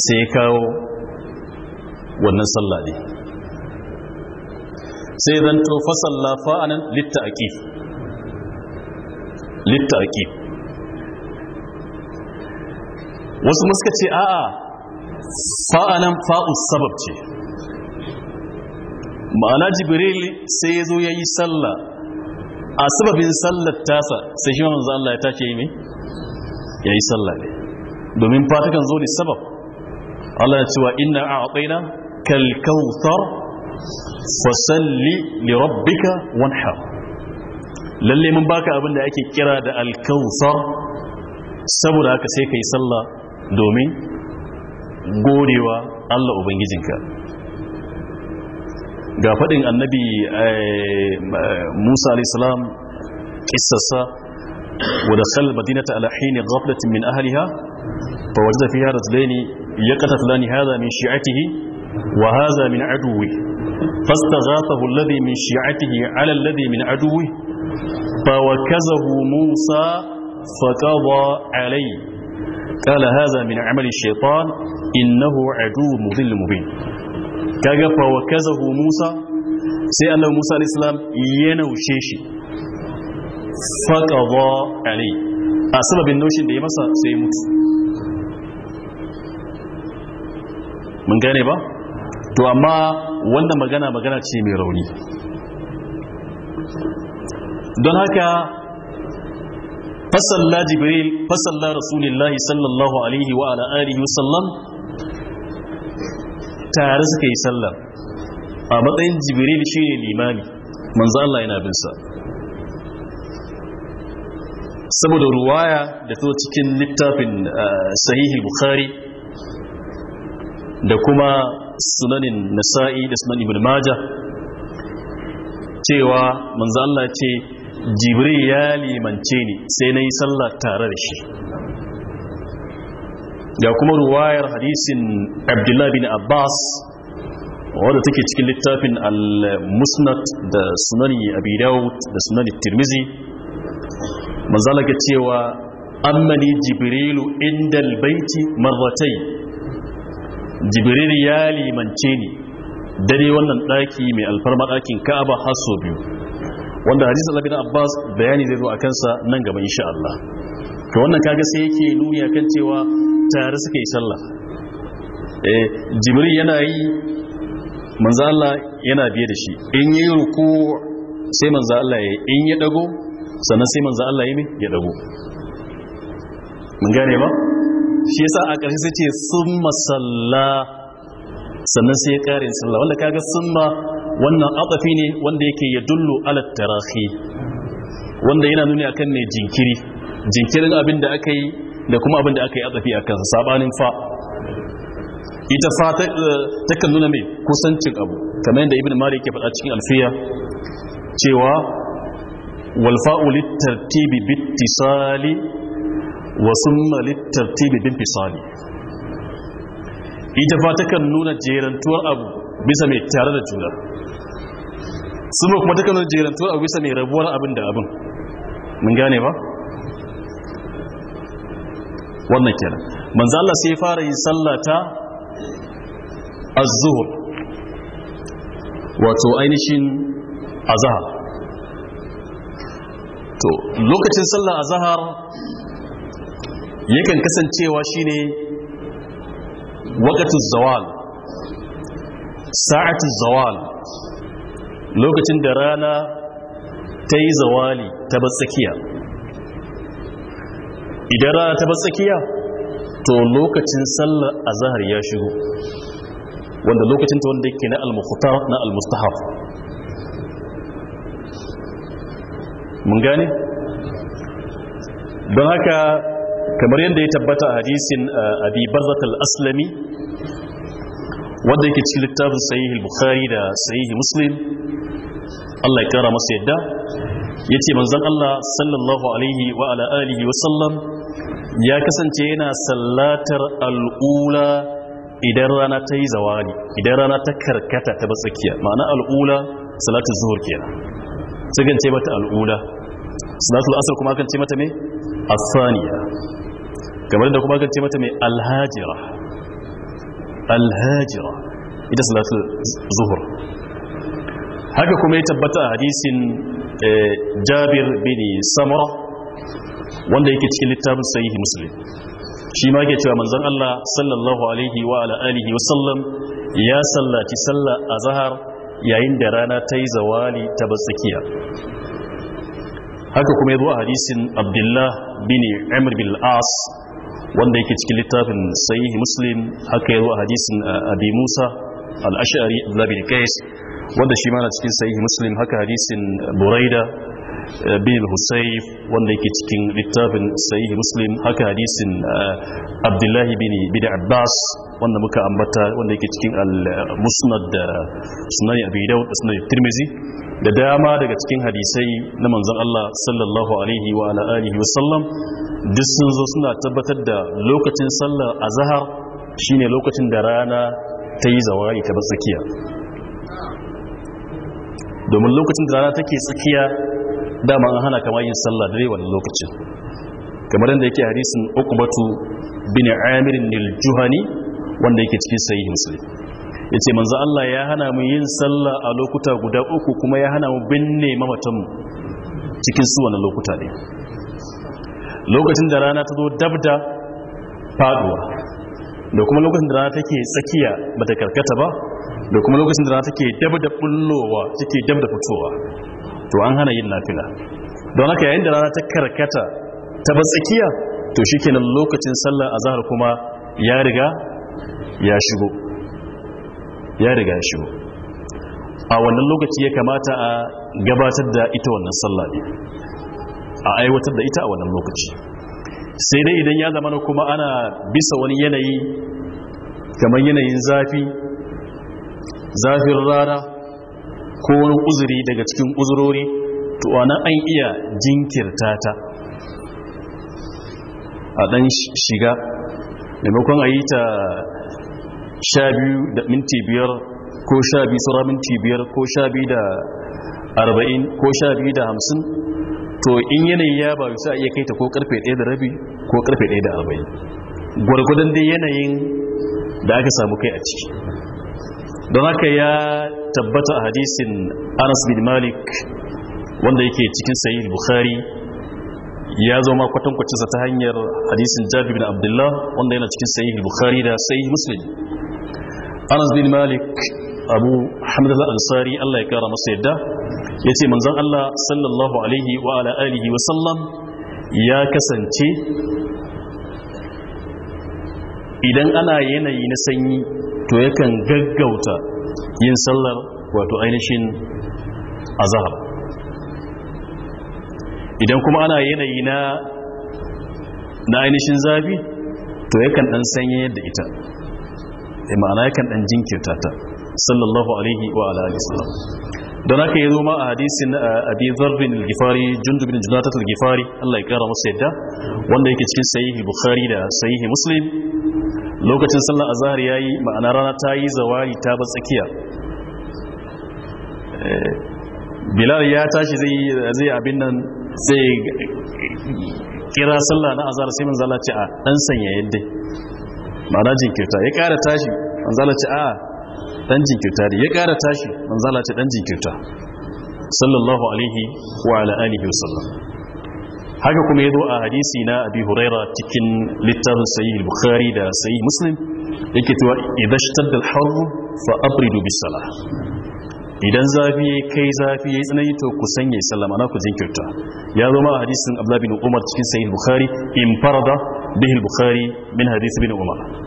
sai ya kawo wannan sallah ne sai zan to fasalla fa'anan litta littaki wasu muska ce a'a fa'alan fa'us sabab ce ma'ana jibril sai ya zo ya yi sallah a sababin sallar tasa sai shi wanzu Allah ya tashi yi ya yi sallah ne domin fatakan zo da sabab Allah ya cewa ina a aƙaina kalkautar fasalli lirabbika wanhar lalle mun baka abin da ake kira da alkausar saboda haka sai ka yi sallah domin godewa Allah Ubangijinka ga faɗin annabi eh, Musa alaihissalam kissasa wadda sal madinata alahini ghaflatin min ahliha fa wajada fiha rajulaini yaqtatilani hadha min shi'atihi wa hadha min aduwi fastaghathahu alladhi min shi'atihi ala alladhi min aduwi فوكزه موسى فقضى عليه قال هذا من عمل الشيطان إنه عدو مضل مبين كاغا فوكزه موسى سي الله موسى عليه السلام ينو شيشي فقضى عليه أسبب النوشن دي مسا سيموت من gane ba to amma wannan magana magana ce mai rauni don haka fasalla jibril fasalla rasulillahi sallallahu alaihi wa ala alihi wasallam tare suka yi sallah a matsayin jibril shi ne limami manzo Allah yana bin sa saboda ruwaya da ta cikin littafin eh, sahihi bukhari da kuma sunanin nasa'i da sunan ibn majah cewa manzo Allah ce jibril ya limance ni sai na yi sallah tare da shi ya kuma ruwayar hadisin abdullahi bin abbas wadda take cikin littafin al-musnad da sunani abi daud da sunani tirmizi manzala ga cewa ammani jibrilu inda albaiti marratai jibril ya limance ni dare wannan daki mai alfarma dakin ka'aba har biyu wanda hadisin labin abbas bayani zai zo a kansa nan gaba insha Allah to wannan kaga sai yake nuni akan cewa tare suka yi sallah eh jibril yana yi manzo Allah yana biye da shi in yi ruku sai manzo Allah ya in ya dago sannan sai manzo Allah ya ne ya dago mun gane ba shi yasa a ƙarshe sai ce summa sallah sannan sai ya ƙarin sallah wanda kaga sunna wannan atafi ne wanda yake ya dullu ala wanda yana nuni akan ne jinkiri jinkirin abin da aka yi da kuma abin da aka yi atafi akan sabanin fa ita fa ta nuna mai kusancin abu kamar yadda ibn malik ya faɗa cikin alfiya cewa walfa'u littartibi bittisali wa summa littartibi binfisali ita fa takan nuna jerantuwar abu bisa mai tare da juna ma kuma takan nuna jerantuwar abu bisa mai rabuwar abin da abin mun gane ba wannan kenan manzo Allah sai fara yin sallata az-zuhr wato ainihin azhar to lokacin sallar azhar yakan kasancewa shine waqtu zawal sa'atun zawal lokacin da rana ta yi zawali ta batsakiya idan rana ta batsakiya to lokacin sallar zahar ya shigo wanda lokacin ta wanda yake na al na al mun gane don haka kamar yadda ya tabbata hadisin uh, abi barzat aslami wanda yake cikin littafin sahih bukhari da sahih muslim Allah ya kara masa yadda yace manzon Allah sallallahu alaihi wa ala alihi wa sallam ya kasance yana sallatar al'ula idan rana ta yi zawali idan rana ta karkata ta batsakiya ma'ana al'ula salatu zuhur kenan sukan ce mata al'ula salatu asr kuma kan ce mata me asaniya kamar da kuma kan ce mata me alhajira alhajira ita salatul zuhur haka kuma ya tabbata a hadisin eh, jabir bin Samar wanda yake cikin littafin sayi muslim shi ma yake cewa manzan Allah sallallahu alaihi wa ala alihi wa ya sallaci sallah zahar? yayin da rana ta yi zawali ta batsakiya haka kuma ya zo a hadisin abdullah bin amr as wanda yake cikin littafin sahihi muslim haka ya ruwa hadisin abi musa al-ash'ari ibn wanda shi mana cikin sahihi muslim haka hadisin buraida bin husayf wanda yake cikin littafin sahih muslim haka hadisin uh, abdullahi bin bin abbas wanda muka ambata wanda yake cikin al-musnad uh, sunan abi daud da sunan tirmizi da dama daga cikin hadisai na manzon Allah sallallahu alaihi wa ala alihi wasallam duk sun zo suna tabbatar da lokacin sallar azhar shine lokacin da rana ta yi zawayi ta tsakiya domin lokacin da rana take tsakiya dama an hana kama yin sallah dare wani lokacin kamar yadda yake hadisin ukubatu bin amir nil-juhani wanda yake cikin sahihin sai ya ce manzo Allah ya hana mu yin sallah a lokuta guda uku kuma ya hana mu binne mamatanmu cikin su wani lokuta ne lokacin da rana ta zo dabda faduwa da kuma lokacin da rana take tsakiya bata karkata ba da kuma lokacin da rana take dabda bullowa take dabda fitowa to an hana yin nafila don haka yayin da rana ta karkata ta batsakiya to shikenan lokacin sallar azhar kuma ya riga ya shigo ya riga ya shigo a wannan lokaci ya kamata a gabatar da ita wannan sallah ne a aiwatar da ita a wannan lokaci sai dai idan ya zama kuma ana bisa wani yanayi kamar yanayin zafi zafin rana ko wani uzuri daga cikin uzurori to anan an iya jinkirta ta a dan shiga maimakon a yi ta sha biyu da minti biyar ko sha biyu sura minti biyar ko sha biyu da arba'in ko sha biyu da hamsin to in yanayi ya ba bisa iya kai ta ko karfe ɗaya da rabi ko karfe ɗaya da arba'in gwargwadon dai yanayin da aka samu kai a ciki don haka ya tabbata a hadisin anas bin malik wanda yake cikin sayi bukhari ya zo ma kwatankwacinsa ta hanyar hadisin jabi bin abdullah wanda yana cikin sayi bukhari da sayi muslim anas bin malik abu hamdu al-ansari allah ya kara masa yadda ya ce manzan allah sallallahu alaihi wa ala alihi wa sallam ya kasance idan ana yanayi na sanyi to yakan gaggauta yin sallar wato ainihin azahar idan kuma ana yanayi na na ainihin zafi to yakan dan sanya yadda ita eh, ma'ana yakan dan jinkirta ta sallallahu alaihi wa alihi wasallam don haka ya zo ma a hadisin a zarbin zarfin gifari jundub bin junatat Allah ya kara masa yadda wanda yake cikin sayihi bukhari da sayihi muslim lokacin sallar azhar yayi ma'ana rana ta yi zawari ta ba tsakiya eh, bilal ya tashi zai zai abin nan zai kira sallah na azhar sai manzala ce a dan sanya yadda ma'ana jinkirta ya kara tashi manzala ce a dan jinkirta ne ya kara tashi manzala ce dan jinkirta sallallahu alaihi wa ala alihi wasallam haka kuma ya zo a hadisi na abi huraira cikin littafin sahih bukhari da sahih muslim yake cewa idan shtaddal harru fa abridu bis sala idan zafi ya kai zafi ya tsanani to ku sanya sallama na ku jinkirta ya zo ma a hadisin abdullah bin umar cikin sahih bukhari in farada bihi bukhari min hadisi bin umar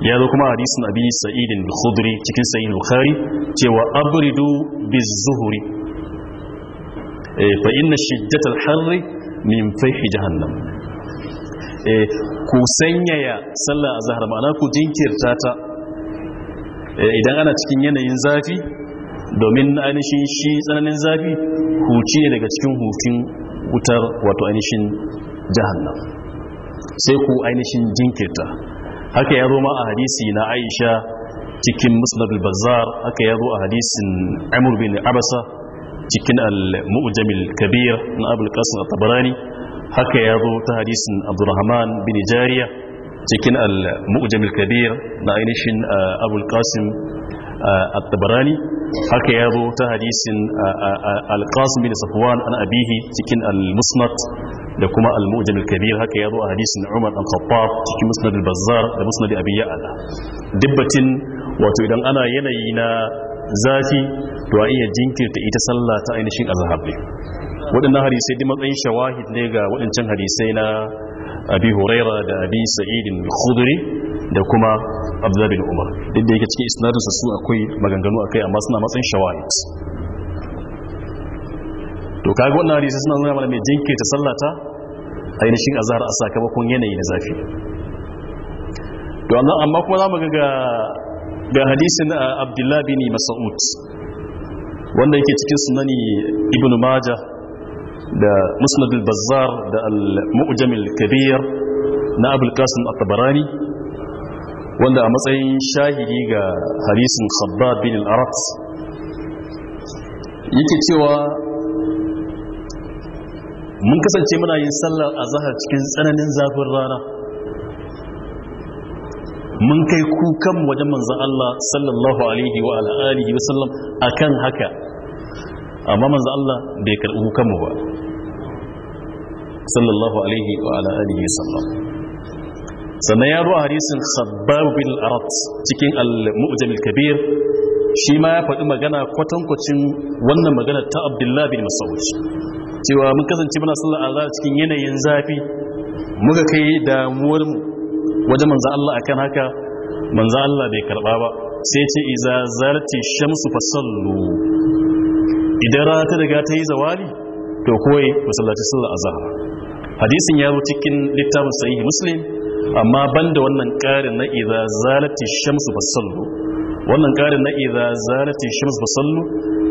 ya zo kuma hadisin abi saidin al-khudri cikin sahih bukhari cewa abridu biz-zuhri eh, fa inna shiddat al-harri min fihi jahannam eh, ku sanyaya sallah azhar ma'ana ku jinkirta ta eh, idan ana cikin yanayin zafi domin ainihin shi tsananin zafi huci ne daga cikin hutun wutar wato ainihin jahannam sai ku ainihin jinkirta haka ya ma a hadisi na aisha cikin musnad al-bazzar haka ya zo a hadisin amur bin abasa cikin al-mu'jamil kabir na abul qasim at-tabarani haka ya zo ta hadisin abdurrahman bin jariya cikin al-mu'jamil kabir na ainihin eh, abul qasim at-tabarani haka ya zo ta hadisin al-qasim bin safwan an abihi cikin al-musnad da kuma al-mu'jam al-kabir haka ya zo a hadisin umar dan khattab cikin musnad al-bazzar da musnad abi ya'la dibbatin wato idan ana yanayi na zafi to a iya jinkirta ita sallah ta ainihin a ne waɗannan hadisai duk matsayin shawahid ne ga waɗancan hadisai na abi huraira da abi sa'idin khudri da kuma abdullahi bin umar duk da yake cikin isnadin su akwai maganganu akai amma suna matsayin shawahid to kaga wannan hadisi suna nuna mana mai jinkirta sallata ainihin azhar a sakamakon yanayi na zafi to amma kuma za mu ga ga hadisin uh, abdullahi bin mas'ud wanda yake cikin sunani ibnu majah da musnad al-bazzar da al-mu'jam al-kabir na abul qasim at-tabarani wanda a matsayin shahidi ga hadisin khabbab bin al yake cewa mun kasance muna yin sallar azhar cikin tsananin zafin rana mun kai kukan wajen manzon Allah sallallahu alaihi wa alihi wasallam akan haka amma manzo Allah bai karɓi hukanmu ba sallallahu alaihi wa ala alihi sallam sannan ya zo a hadisin sabbar bil arat cikin al-mu'jam al-kabir shi ma ya faɗi magana kwatankwacin wannan magana ta abdullah bin mas'ud cewa mun kasance muna sallar azhar cikin yanayin zafi muka kai damuwar mu wajen manzo Allah akan haka manzo Allah bai karba ba sai ce iza zarti shamsu fasallu idan rana ta riga ta yi zawali to koyi masallaci a azhar hadisin ya zo cikin littafin sahihi muslim amma ban da wannan karin na iza zalati shamsu Sallu. wannan karin na iza zalati shamsu Sallu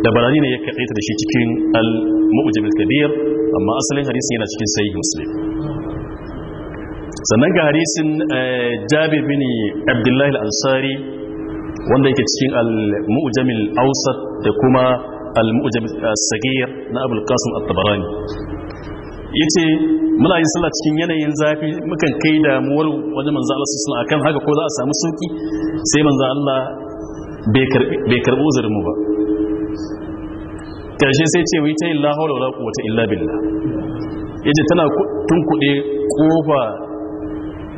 da barani ne ya ta da shi cikin al-mu'jam al-kabir amma asalin hadisin yana cikin sahihi muslim sannan ga hadisin eh, jabir bin abdullahi al-ansari wanda yake cikin al-mu'jam al-awsat da kuma al-mu'jam as-saghir na Abul Qasim at-Tabarani yace muna yin sallah cikin yanayin zafi mukan kai damuwar wajen manzo Allah sallallahu akan haka ko za a samu sauki sai manzo Allah bai karbi bai karbi mu ba karshe sai ce wai ta illa hawla wala quwwata illa billah yace tana kuɗe kofa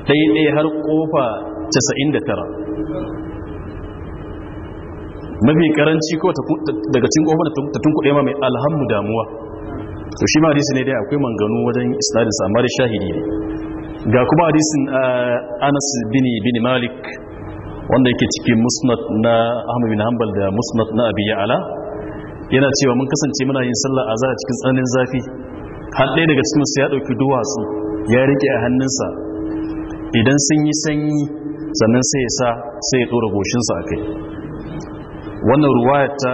ɗaya ɗaya har kofa 99 mafi karanci ko daga cin kofar ta tunkuɗe ma mai alhammu damuwa to shi ma hadisi ne dai akwai manganu wajen isnadin amma dai shahidi ne ga kuma hadisin eh, Anas bin bin Malik wanda yake cikin musnad na Ahmad bin Hanbal da musnad na Abi ala, yana cewa mun kasance muna yin sallah a zara cikin tsananin zafi har ɗaya daga cikin su ya ɗauki duwatsu ya rike a hannunsa idan sun yi sanyi sannan sai ya sa sai ya ɗora goshinsa a kai wannan ruwaya ta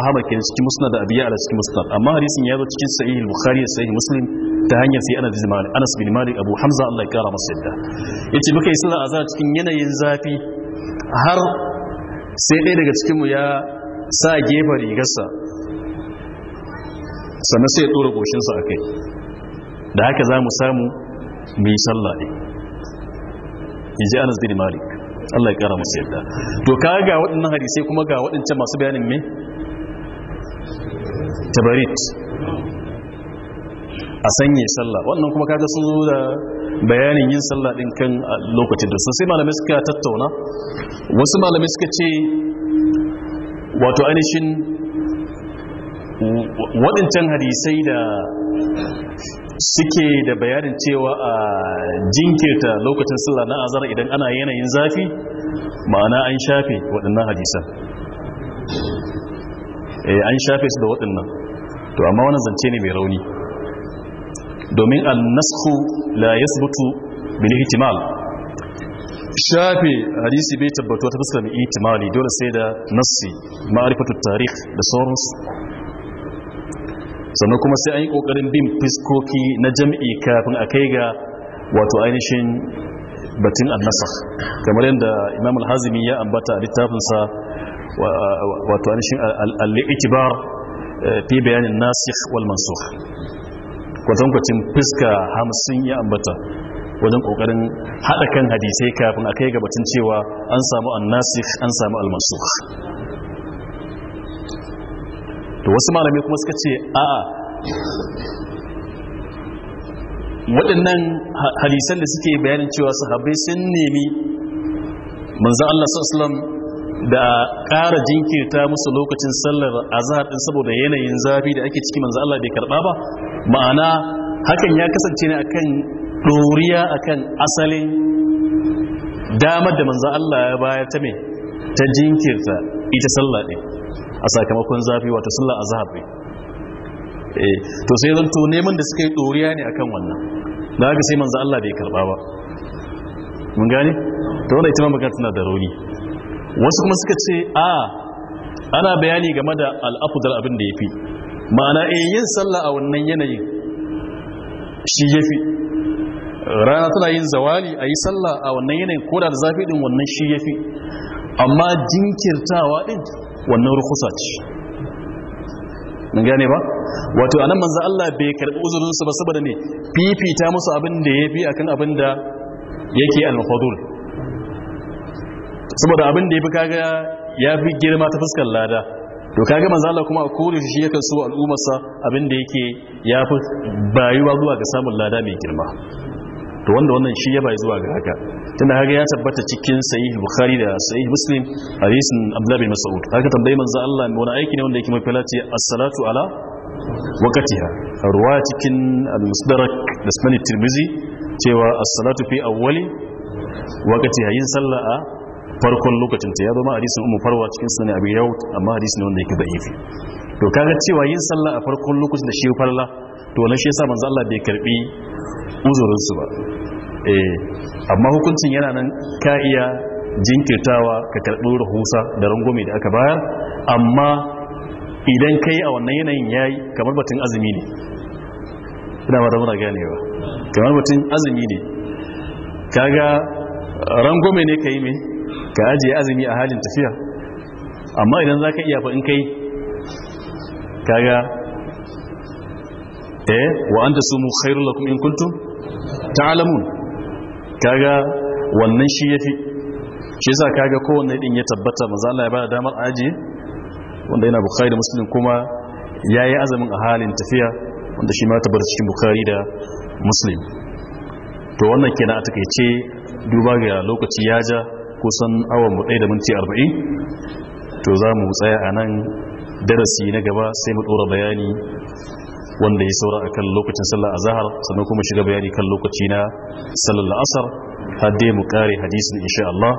ahmad ke cikin musnad da abiya ala cikin musnad amma hadisin ya zo cikin sahih bukhari da sahih muslim ta hanyar sai anas bin malik anas bin malik abu hamza Allah ya kara masa yadda yace muka yi sallar azhar cikin yanayin zafi har sai ɗaya daga cikinmu ya sa gefe rigarsa sannan sai ya ɗora ƙoshinsa a kai da haka za mu samu mai sallah ne in ji anas bin malik Allah ya kara musu yadda to ka ga waɗannan hadisai kuma ga waɗancan masu bayanin me tabarit a sanye sallah wannan kuma kaga sun zo da bayanin yin sallah ɗin kan lokacin da sai malamai suka tattauna wasu malamai suka ce wato ainihin waɗancan hadisai da suke da bayanin cewa a jinkirta lokacin sallah na azar idan ana yanayin zafi ma'ana an shafe waɗannan hadisan eh, an shafe su da waɗannan to amma wani zance ne mai rauni domin annasku la yasbutu bil ihtimal shafe hadisi bai tabbatuwa ta fuskar ihtimali dole sai da nassi ma'rifatu tarikh da sauransu sannan kuma sai an yi kokarin bin fiskoki na jam'i kafin a kai ga wato ainihin batun annasa, kamar yadda imam al-hazimi ya ambata a littafinsa wato ainihin al eh, fi bayanin Nasir wal kwatankwacin fiska hamsin ya ambata wajen kokarin haɗa kan hadisai kafin a kai batin cewa an samu Nasir an samu almansur to wasu malamai kuma suka ce a'a waɗannan hadisan da suke bayanin cewa sahabbai sun nemi manzan Allah sallam da ƙara jinkirta musu lokacin sallar azhar ɗin saboda yanayin zafi da ake ciki manzan Allah bai karɓa ba ma'ana hakan ya kasance ne akan ɗoriya akan asalin damar da manzan Allah ya bayar ta mai ta jinkirta ita sallah ɗin a sakamakon zafi wata a azhar ne eh, to sai zan to neman da suka yi doriya ne akan wannan da haka sai manzo Allah bai karba ba mun gane to wannan ita ma magana tana da rauni wasu kuma suka ce a ana bayani game da al'afudar abin da yafi ma'ana eh yin sallah a wannan yanayin shi yafi rana tana yin zawali a yi sallah a wannan yanayin koda da zafi din wannan shi yafi amma jinkirtawa din wannan rukusa ce na gane ba wato anan manzan Allah bai karbi uzurin su ba saboda ne fifita musu abin da fi akan abin da yake al-fadul saboda abin da yafi kaga yafi girma ta fuskar lada to kaga manzan Allah kuma a kore shi yakan so al'ummarsa abin da yake yafi bayuwa zuwa ga samun lada mai girma to wanda wannan shi ya bayi zuwa ga haka tana haka ya tabbata cikin sayi bukhari da sayi muslim risin abdullah bin mas'ud haka tambayi manzan Allah wani aiki ne wanda yake mafi lati A salatu ala waqtiha ruwa cikin al-musdarak da spanish tirmizi cewa a salatu fi awwali ha yin sallah a farkon lokacin ta ya zama risin umu farwa cikin sunan abu yau amma risin wanda yake da'ifi to kaga cewa yin sallah a farkon lokacin da shi farla to wannan shi yasa manzan Allah bai karbi uzurinsu ba Eh, amma hukuncin yana nan ka iya jinkirtawa ka karɓi rahusa da rangwame da aka bayar amma idan ka yi a wannan yanayin ya yi kamar batun azumi ne ina ba da muna ganewa kamar batun azumi ne Ka ga rangwame ne ka yi mai ka ajiye azumi a halin tafiya amma idan za ka iya fa in kai ka eh wa an su mu khairu lakum in kuntum ta'lamun kaga wannan shi fi shi sa kaga kowane din ya tabbata manzo ya bada damar aji wanda yana bukari da musulun kuma ya yi azamin a halin tafiya wanda shi mata bar cikin bukari da musulun to wannan kenan a takaice duba ga lokaci ya ja kusan awon mu ɗaya da minti arba'in? to za mu tsaya a nan darasi na gaba sai mu ɗora bayani wanda ya saura a kan lokacin sallar azahar sannan kuma shiga bayani kan lokaci na sallar la'asar hadde mu kare hadisin insha Allah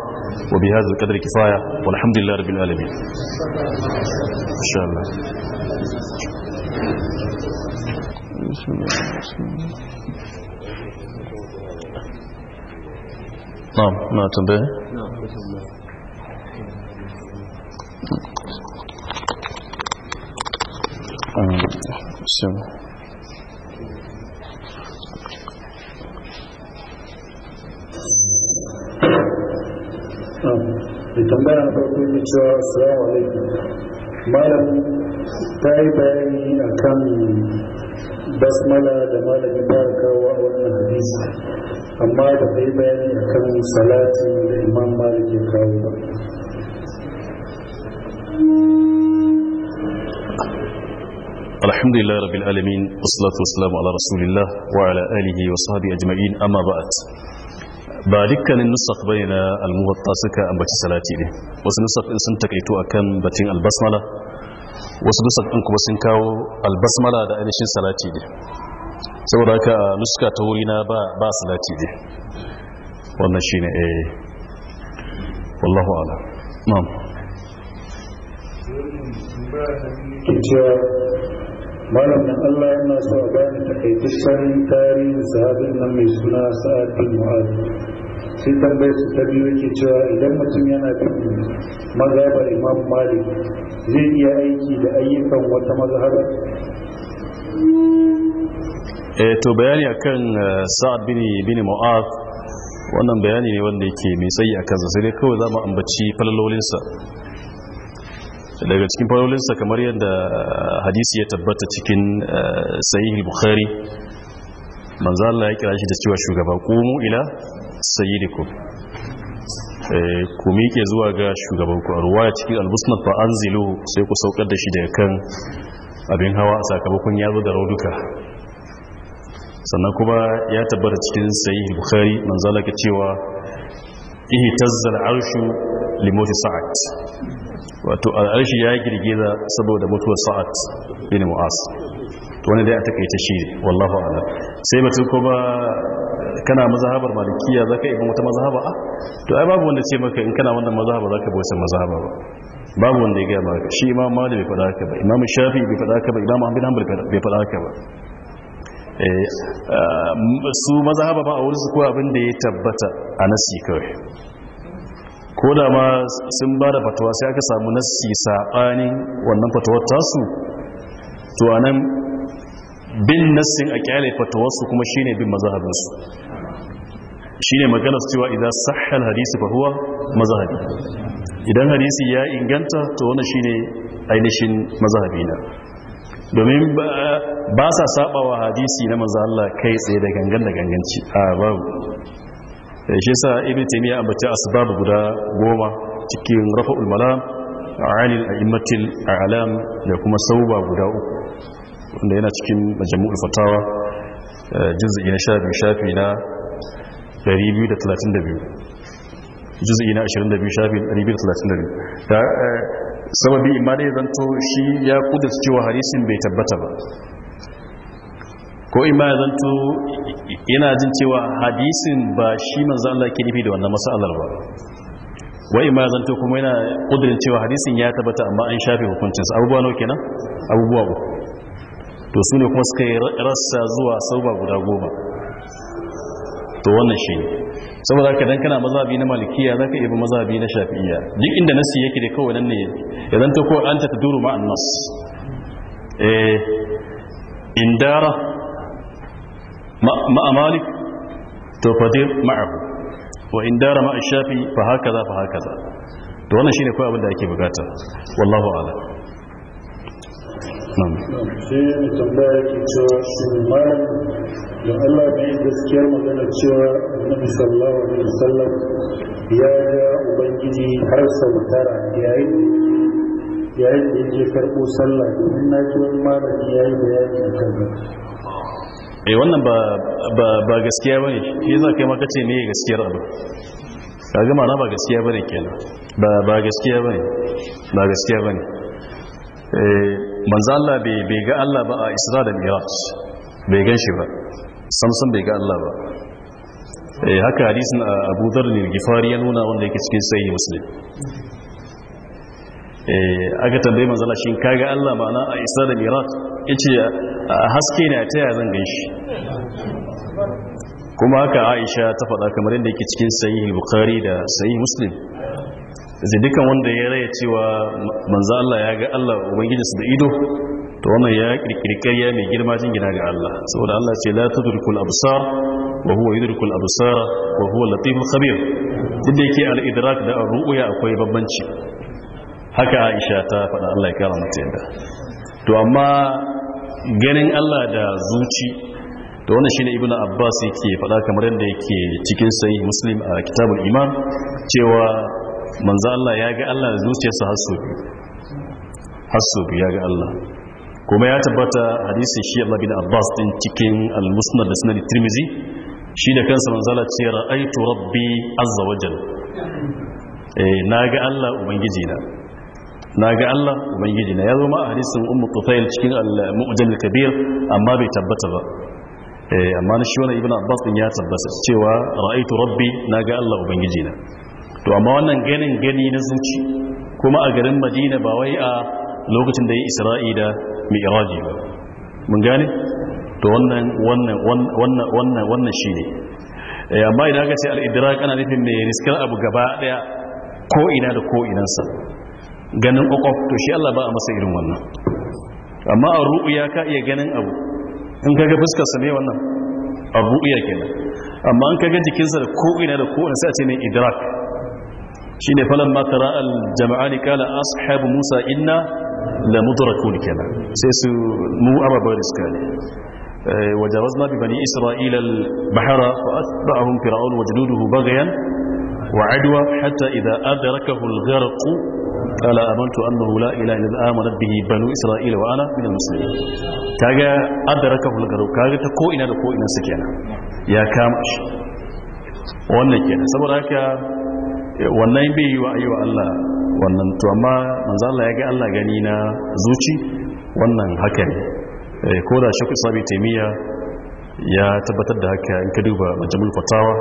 wa bi hadha al-qadri kifaya walhamdulillah rabbil alamin insha Allah نعم na تنبه Na'am, السلام tambaya na farko ne cewa malam ta yi bayani a basmala da malamin fara kawo a wannan hadisi amma da ta yi bayani akan da imam malik kawo ba الحمد لله رب العالمين والصلاة والسلام على رسول الله وعلى آله وصحبه أجمعين أما بعد كان النسخ بين سكا أم بك سلاتي وسنسخ إن سنتكيتو أكام بتين البسملة وسنسخ إنك بسنكاو البسملة دا إنشين سلاتي دي سوراك نسخة تورينا با, با سلاتي دي ونشين إيه والله أعلم نعم malamin Allah yana so a bani takaitaccen tarihin sahabin nan mai suna sa'ad bin mu'ad sai tambayar su ta biyu yake cewa idan mutum yana bin mazhabar imam malik zai iya aiki da ayyukan wata mazhaba eh to bayani akan eh, sa'ad bin bin mu'ad wannan bayani ne wanda yake mai tsayi akan sa sai dai kawai zamu ambaci falalolinsa daga cikin farolinsa kamar yadda uh, hadisi ya tabbata cikin uh, sayi bukhari manzala ya kira shi da cewa shugaba komo ila sayyidiku eh, ku miƙe zuwa ga shugaban ku a ruwa cikin albusman ba an zilo sai ku saukar da shi daga kan abin hawa a sakamakon ya zo da rauduka sannan kuma ya tabbata cikin sayi bukhari manzala ka cewa ihi tazzar arshu limoti sa'ad wato al'arshi ya girgiza saboda mutuwar sa'ad bin mu'as to wani dai a takaice shi wallahu a'lam sai mutum ko ba kana mazhabar malikiya zaka yi wata mazhaba a to ai babu wanda ce maka in kana wannan mazhaba zaka bi san mazhaba ba babu wanda ya gaya ba. shi imam malik bai faɗa haka ba imam shafi bai faɗa haka ba imam ahmad hanbal bai faɗa haka ba eh, su mazhaba ba a wurin su ko abin da ya tabbata a nasi kawai ko da ma sun ba da fatawa sai aka samu nassi saɓanin wannan fatawar tasu to a nan bin nassin a kyale fatawarsu kuma shi ne bin mazaharinsu shi ne maganar cewa idan sahal hadisi fahuwa mazahari? idan hadisi ya inganta to wani shi ne ainihin mazahari na domin ba sa saɓawa hadisi na maza kai tsaye da gangan da ganganci a babu Eh, shi sa ibn taymiya ambata asbab guda goma cikin rafa'ul malam alil a'immatil a'lam da kuma sauba guda uku wanda yana cikin majmu'ul fatawa eh, juz'i na 12 shafi na 232 juz'i na 22 shafi 232 eh, sababi imma dai zanto shi ya kudus cewa hadisin bai tabbata ba ko in ma ya zanto yana jin cewa hadisin ba shi manzan Allah ke nufi da wannan masalar ba wa in ma ya zanto kuma yana kudirin cewa hadisin ya tabbata amma an shafe hukuncinsa abubuwa nawa kenan abubuwa ba. to su ne kuma suka yi rassa zuwa sauba guda goma to wannan shi ne saboda ka dan kana mazhabi na malikiya ka iya mazhabi na shafi'iyya duk inda nasi yake da kawai nan ne ya zanto ko an ta duru ma'an nas eh indara ma'a malik to fadir ma'ahu wa in dara ma'a shafi fa haka za fa haka za to wannan shi ne kawai abin da ake bukata wallahu ala nan sai ne tambaya yake cewa shin malam da Allah ne gaskiyar magana cewa Annabi sallallahu alaihi wasallam ya ga ubangiji har sau tara yayin yayin da yake karɓo sallah domin na ji wani malami yayi bayani akan eh wannan ba gaskiya ba ne shi za ka yi makace ne gaskiyar abu ka gama na ba gaskiya ba ne kenan ba gaskiya ba ne ba gaskiya ba ne eh, manzo Allah bai ga Allah ba a Isra da miras bai gan shi ba samson bai ga Allah ba eh, haka hadisin a Abu Dharr ne Gifari ya nuna wanda yake cikin sayi Muslim eh, aka tambayi manzala shi kaga Allah ma'ana a isa da miras ya ce a haske ne a ta yaya zan shi kuma haka aisha ta faɗa kamar yadda yake cikin sahih bukhari da sayi muslim da wanda ya raya cewa manzo Allah ya ga Allah su da ido to wannan ya kirkirkariya mai girma jin gina ga Allah saboda Allah ce la tudrikul absar wa huwa yudrikul absar wa huwa latiful khabir inda yake al idrak da ru'ya akwai bambanci haka Aisha ta faɗa Allah ya kara mata yadda to amma ganin Allah da zuci to wannan shine ibnu abbas yake faɗa kamar yadda yake cikin sahih muslim a kitabul iman cewa manzo Allah ya ga Allah da zuciyarsa hasso hasso ya ga Allah kuma ya tabbata hadisin shi Allah bin Abbas din cikin al-Musnad da Sunan Tirmidhi shi da kansa manzo Allah ce ra'aitu rabbi azza wajal eh ga Allah ubangiji na na ga Allah ubangiji na ya zo ma a hadisin ummu tufail cikin al-mu'jam al-kabir amma bai tabbata ba Eh, amma na shi wani ibn abbas din ya tabbata cewa ra'aitu rabbi na ga allah ubangiji na to amma wannan ganin gani na zuci kuma a garin madina ba wai a lokacin da ya isra'i da mi'raji ba mun gane to wannan wannan wannan wannan wannan shine eh, amma idan aka ce al-idrak ana nufin mai riskar abu gaba daya ko ina da ko sa ganin kokof to shi Allah ba a masa irin wannan amma a ru'u ya ka iya ganin abu in kaga fuskarsa ne wannan abu iya kenan amma in kaga jikinsa da ko'ina da ko'ina sai a ce ne idrak shi ne falon matara aljama'ani kala ashabu musa inna la ne kenan sai su mu ababar riska ne وجاوزنا ببني إسرائيل البحر فأتبعهم فرعون وجنوده بغيا وعدوى حتى إذا أدركه الغرق قال آمنت أنه لا إله إلا آمنت به بنو إسرائيل وأنا من المسلمين كاجا أدركه الغرب كاجا تكو إنا لكو إنا سكينا يا كامش wannan kenan saboda haka wannan bai yi wa ayi Allah wannan to amma manzo Allah ya ga Allah gani na zuci wannan haka ne ko da shakku sabi taimiya ya tabbatar da haka in ka duba majmul fatawa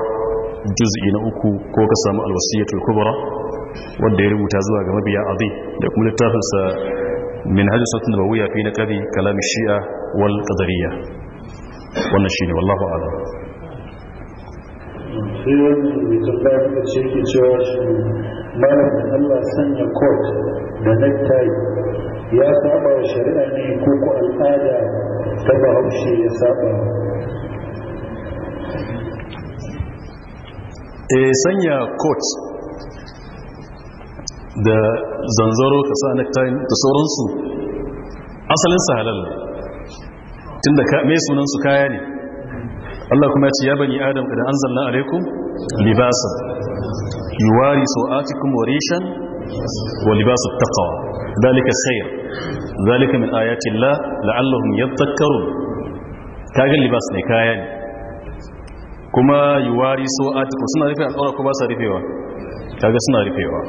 juz'i na uku ko ka samu alwasiyatul kubra wanda ya rubuta zuwa ga mabiya azim da kuma littafinsa min hajji satun da bawuya fi na ƙari kalamin shi'a wal ƙadariya wannan shi ne wallahu ala sai da ce ke cewa shi malam allah sanya kot da necktie ya saba wa shari'a ne ko ku al'ada ta bahaushe ya saba e sanya kot da zanzaro ka sa necktie da sauransu asalin sa halal tun da mai sunansu kaya ne Allah kuma ce ya bani adam kada an zanna alaikum libasa wari sau'atikum wa rishan wa libasa taqwa dalika sayar dalika min ayati Allah ya yadhakkarun kagin libasa ne kaya ne kuma yuwari sau'atikum suna rufe a tsoron ba sa rufewa kaga suna rufewa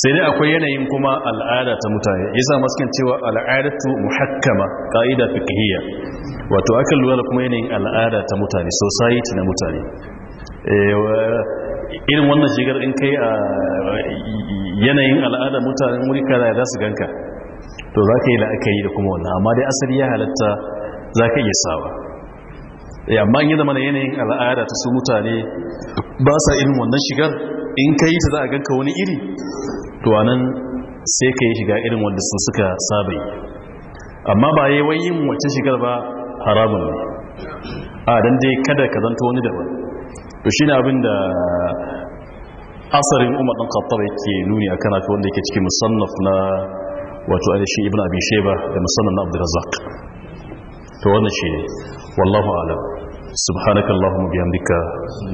sai dai akwai yanayin kuma al'ada ta mutane yasa maskin cewa al'adatu muhakkama qaida fiqhiyya wato akan lura kuma yanayin al'ada ta mutane society na mutane eh, irin wannan shigar in kai a yanayin al'ada mutanen wuri kaza za su ganka to za ka yi la'akari da kuma wannan amma dai asali ya halatta za ka iya sawa eh, amma yi zama yanayin al'ada ta su mutane ba sa irin wannan shigar in ka yi ta za a ganka wani iri to anan sai ka yi shiga irin wanda sun suka sabai amma ba yi wani yin wacce shigar ba haramun ne a dan dai kada ka zanta wani daban to shi ne abin da asarin umar ɗan kattar yake nuni a kanafi wanda yake ciki musannaf na wato ainihin ibn abin sheba da musannaf na abdulrazak to wannan shi wallahu alam سبحانك اللهم وبحمدك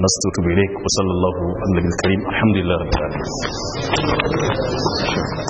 نستتوب إليك وصلى الله على النبي الكريم الحمد لله رب العالمين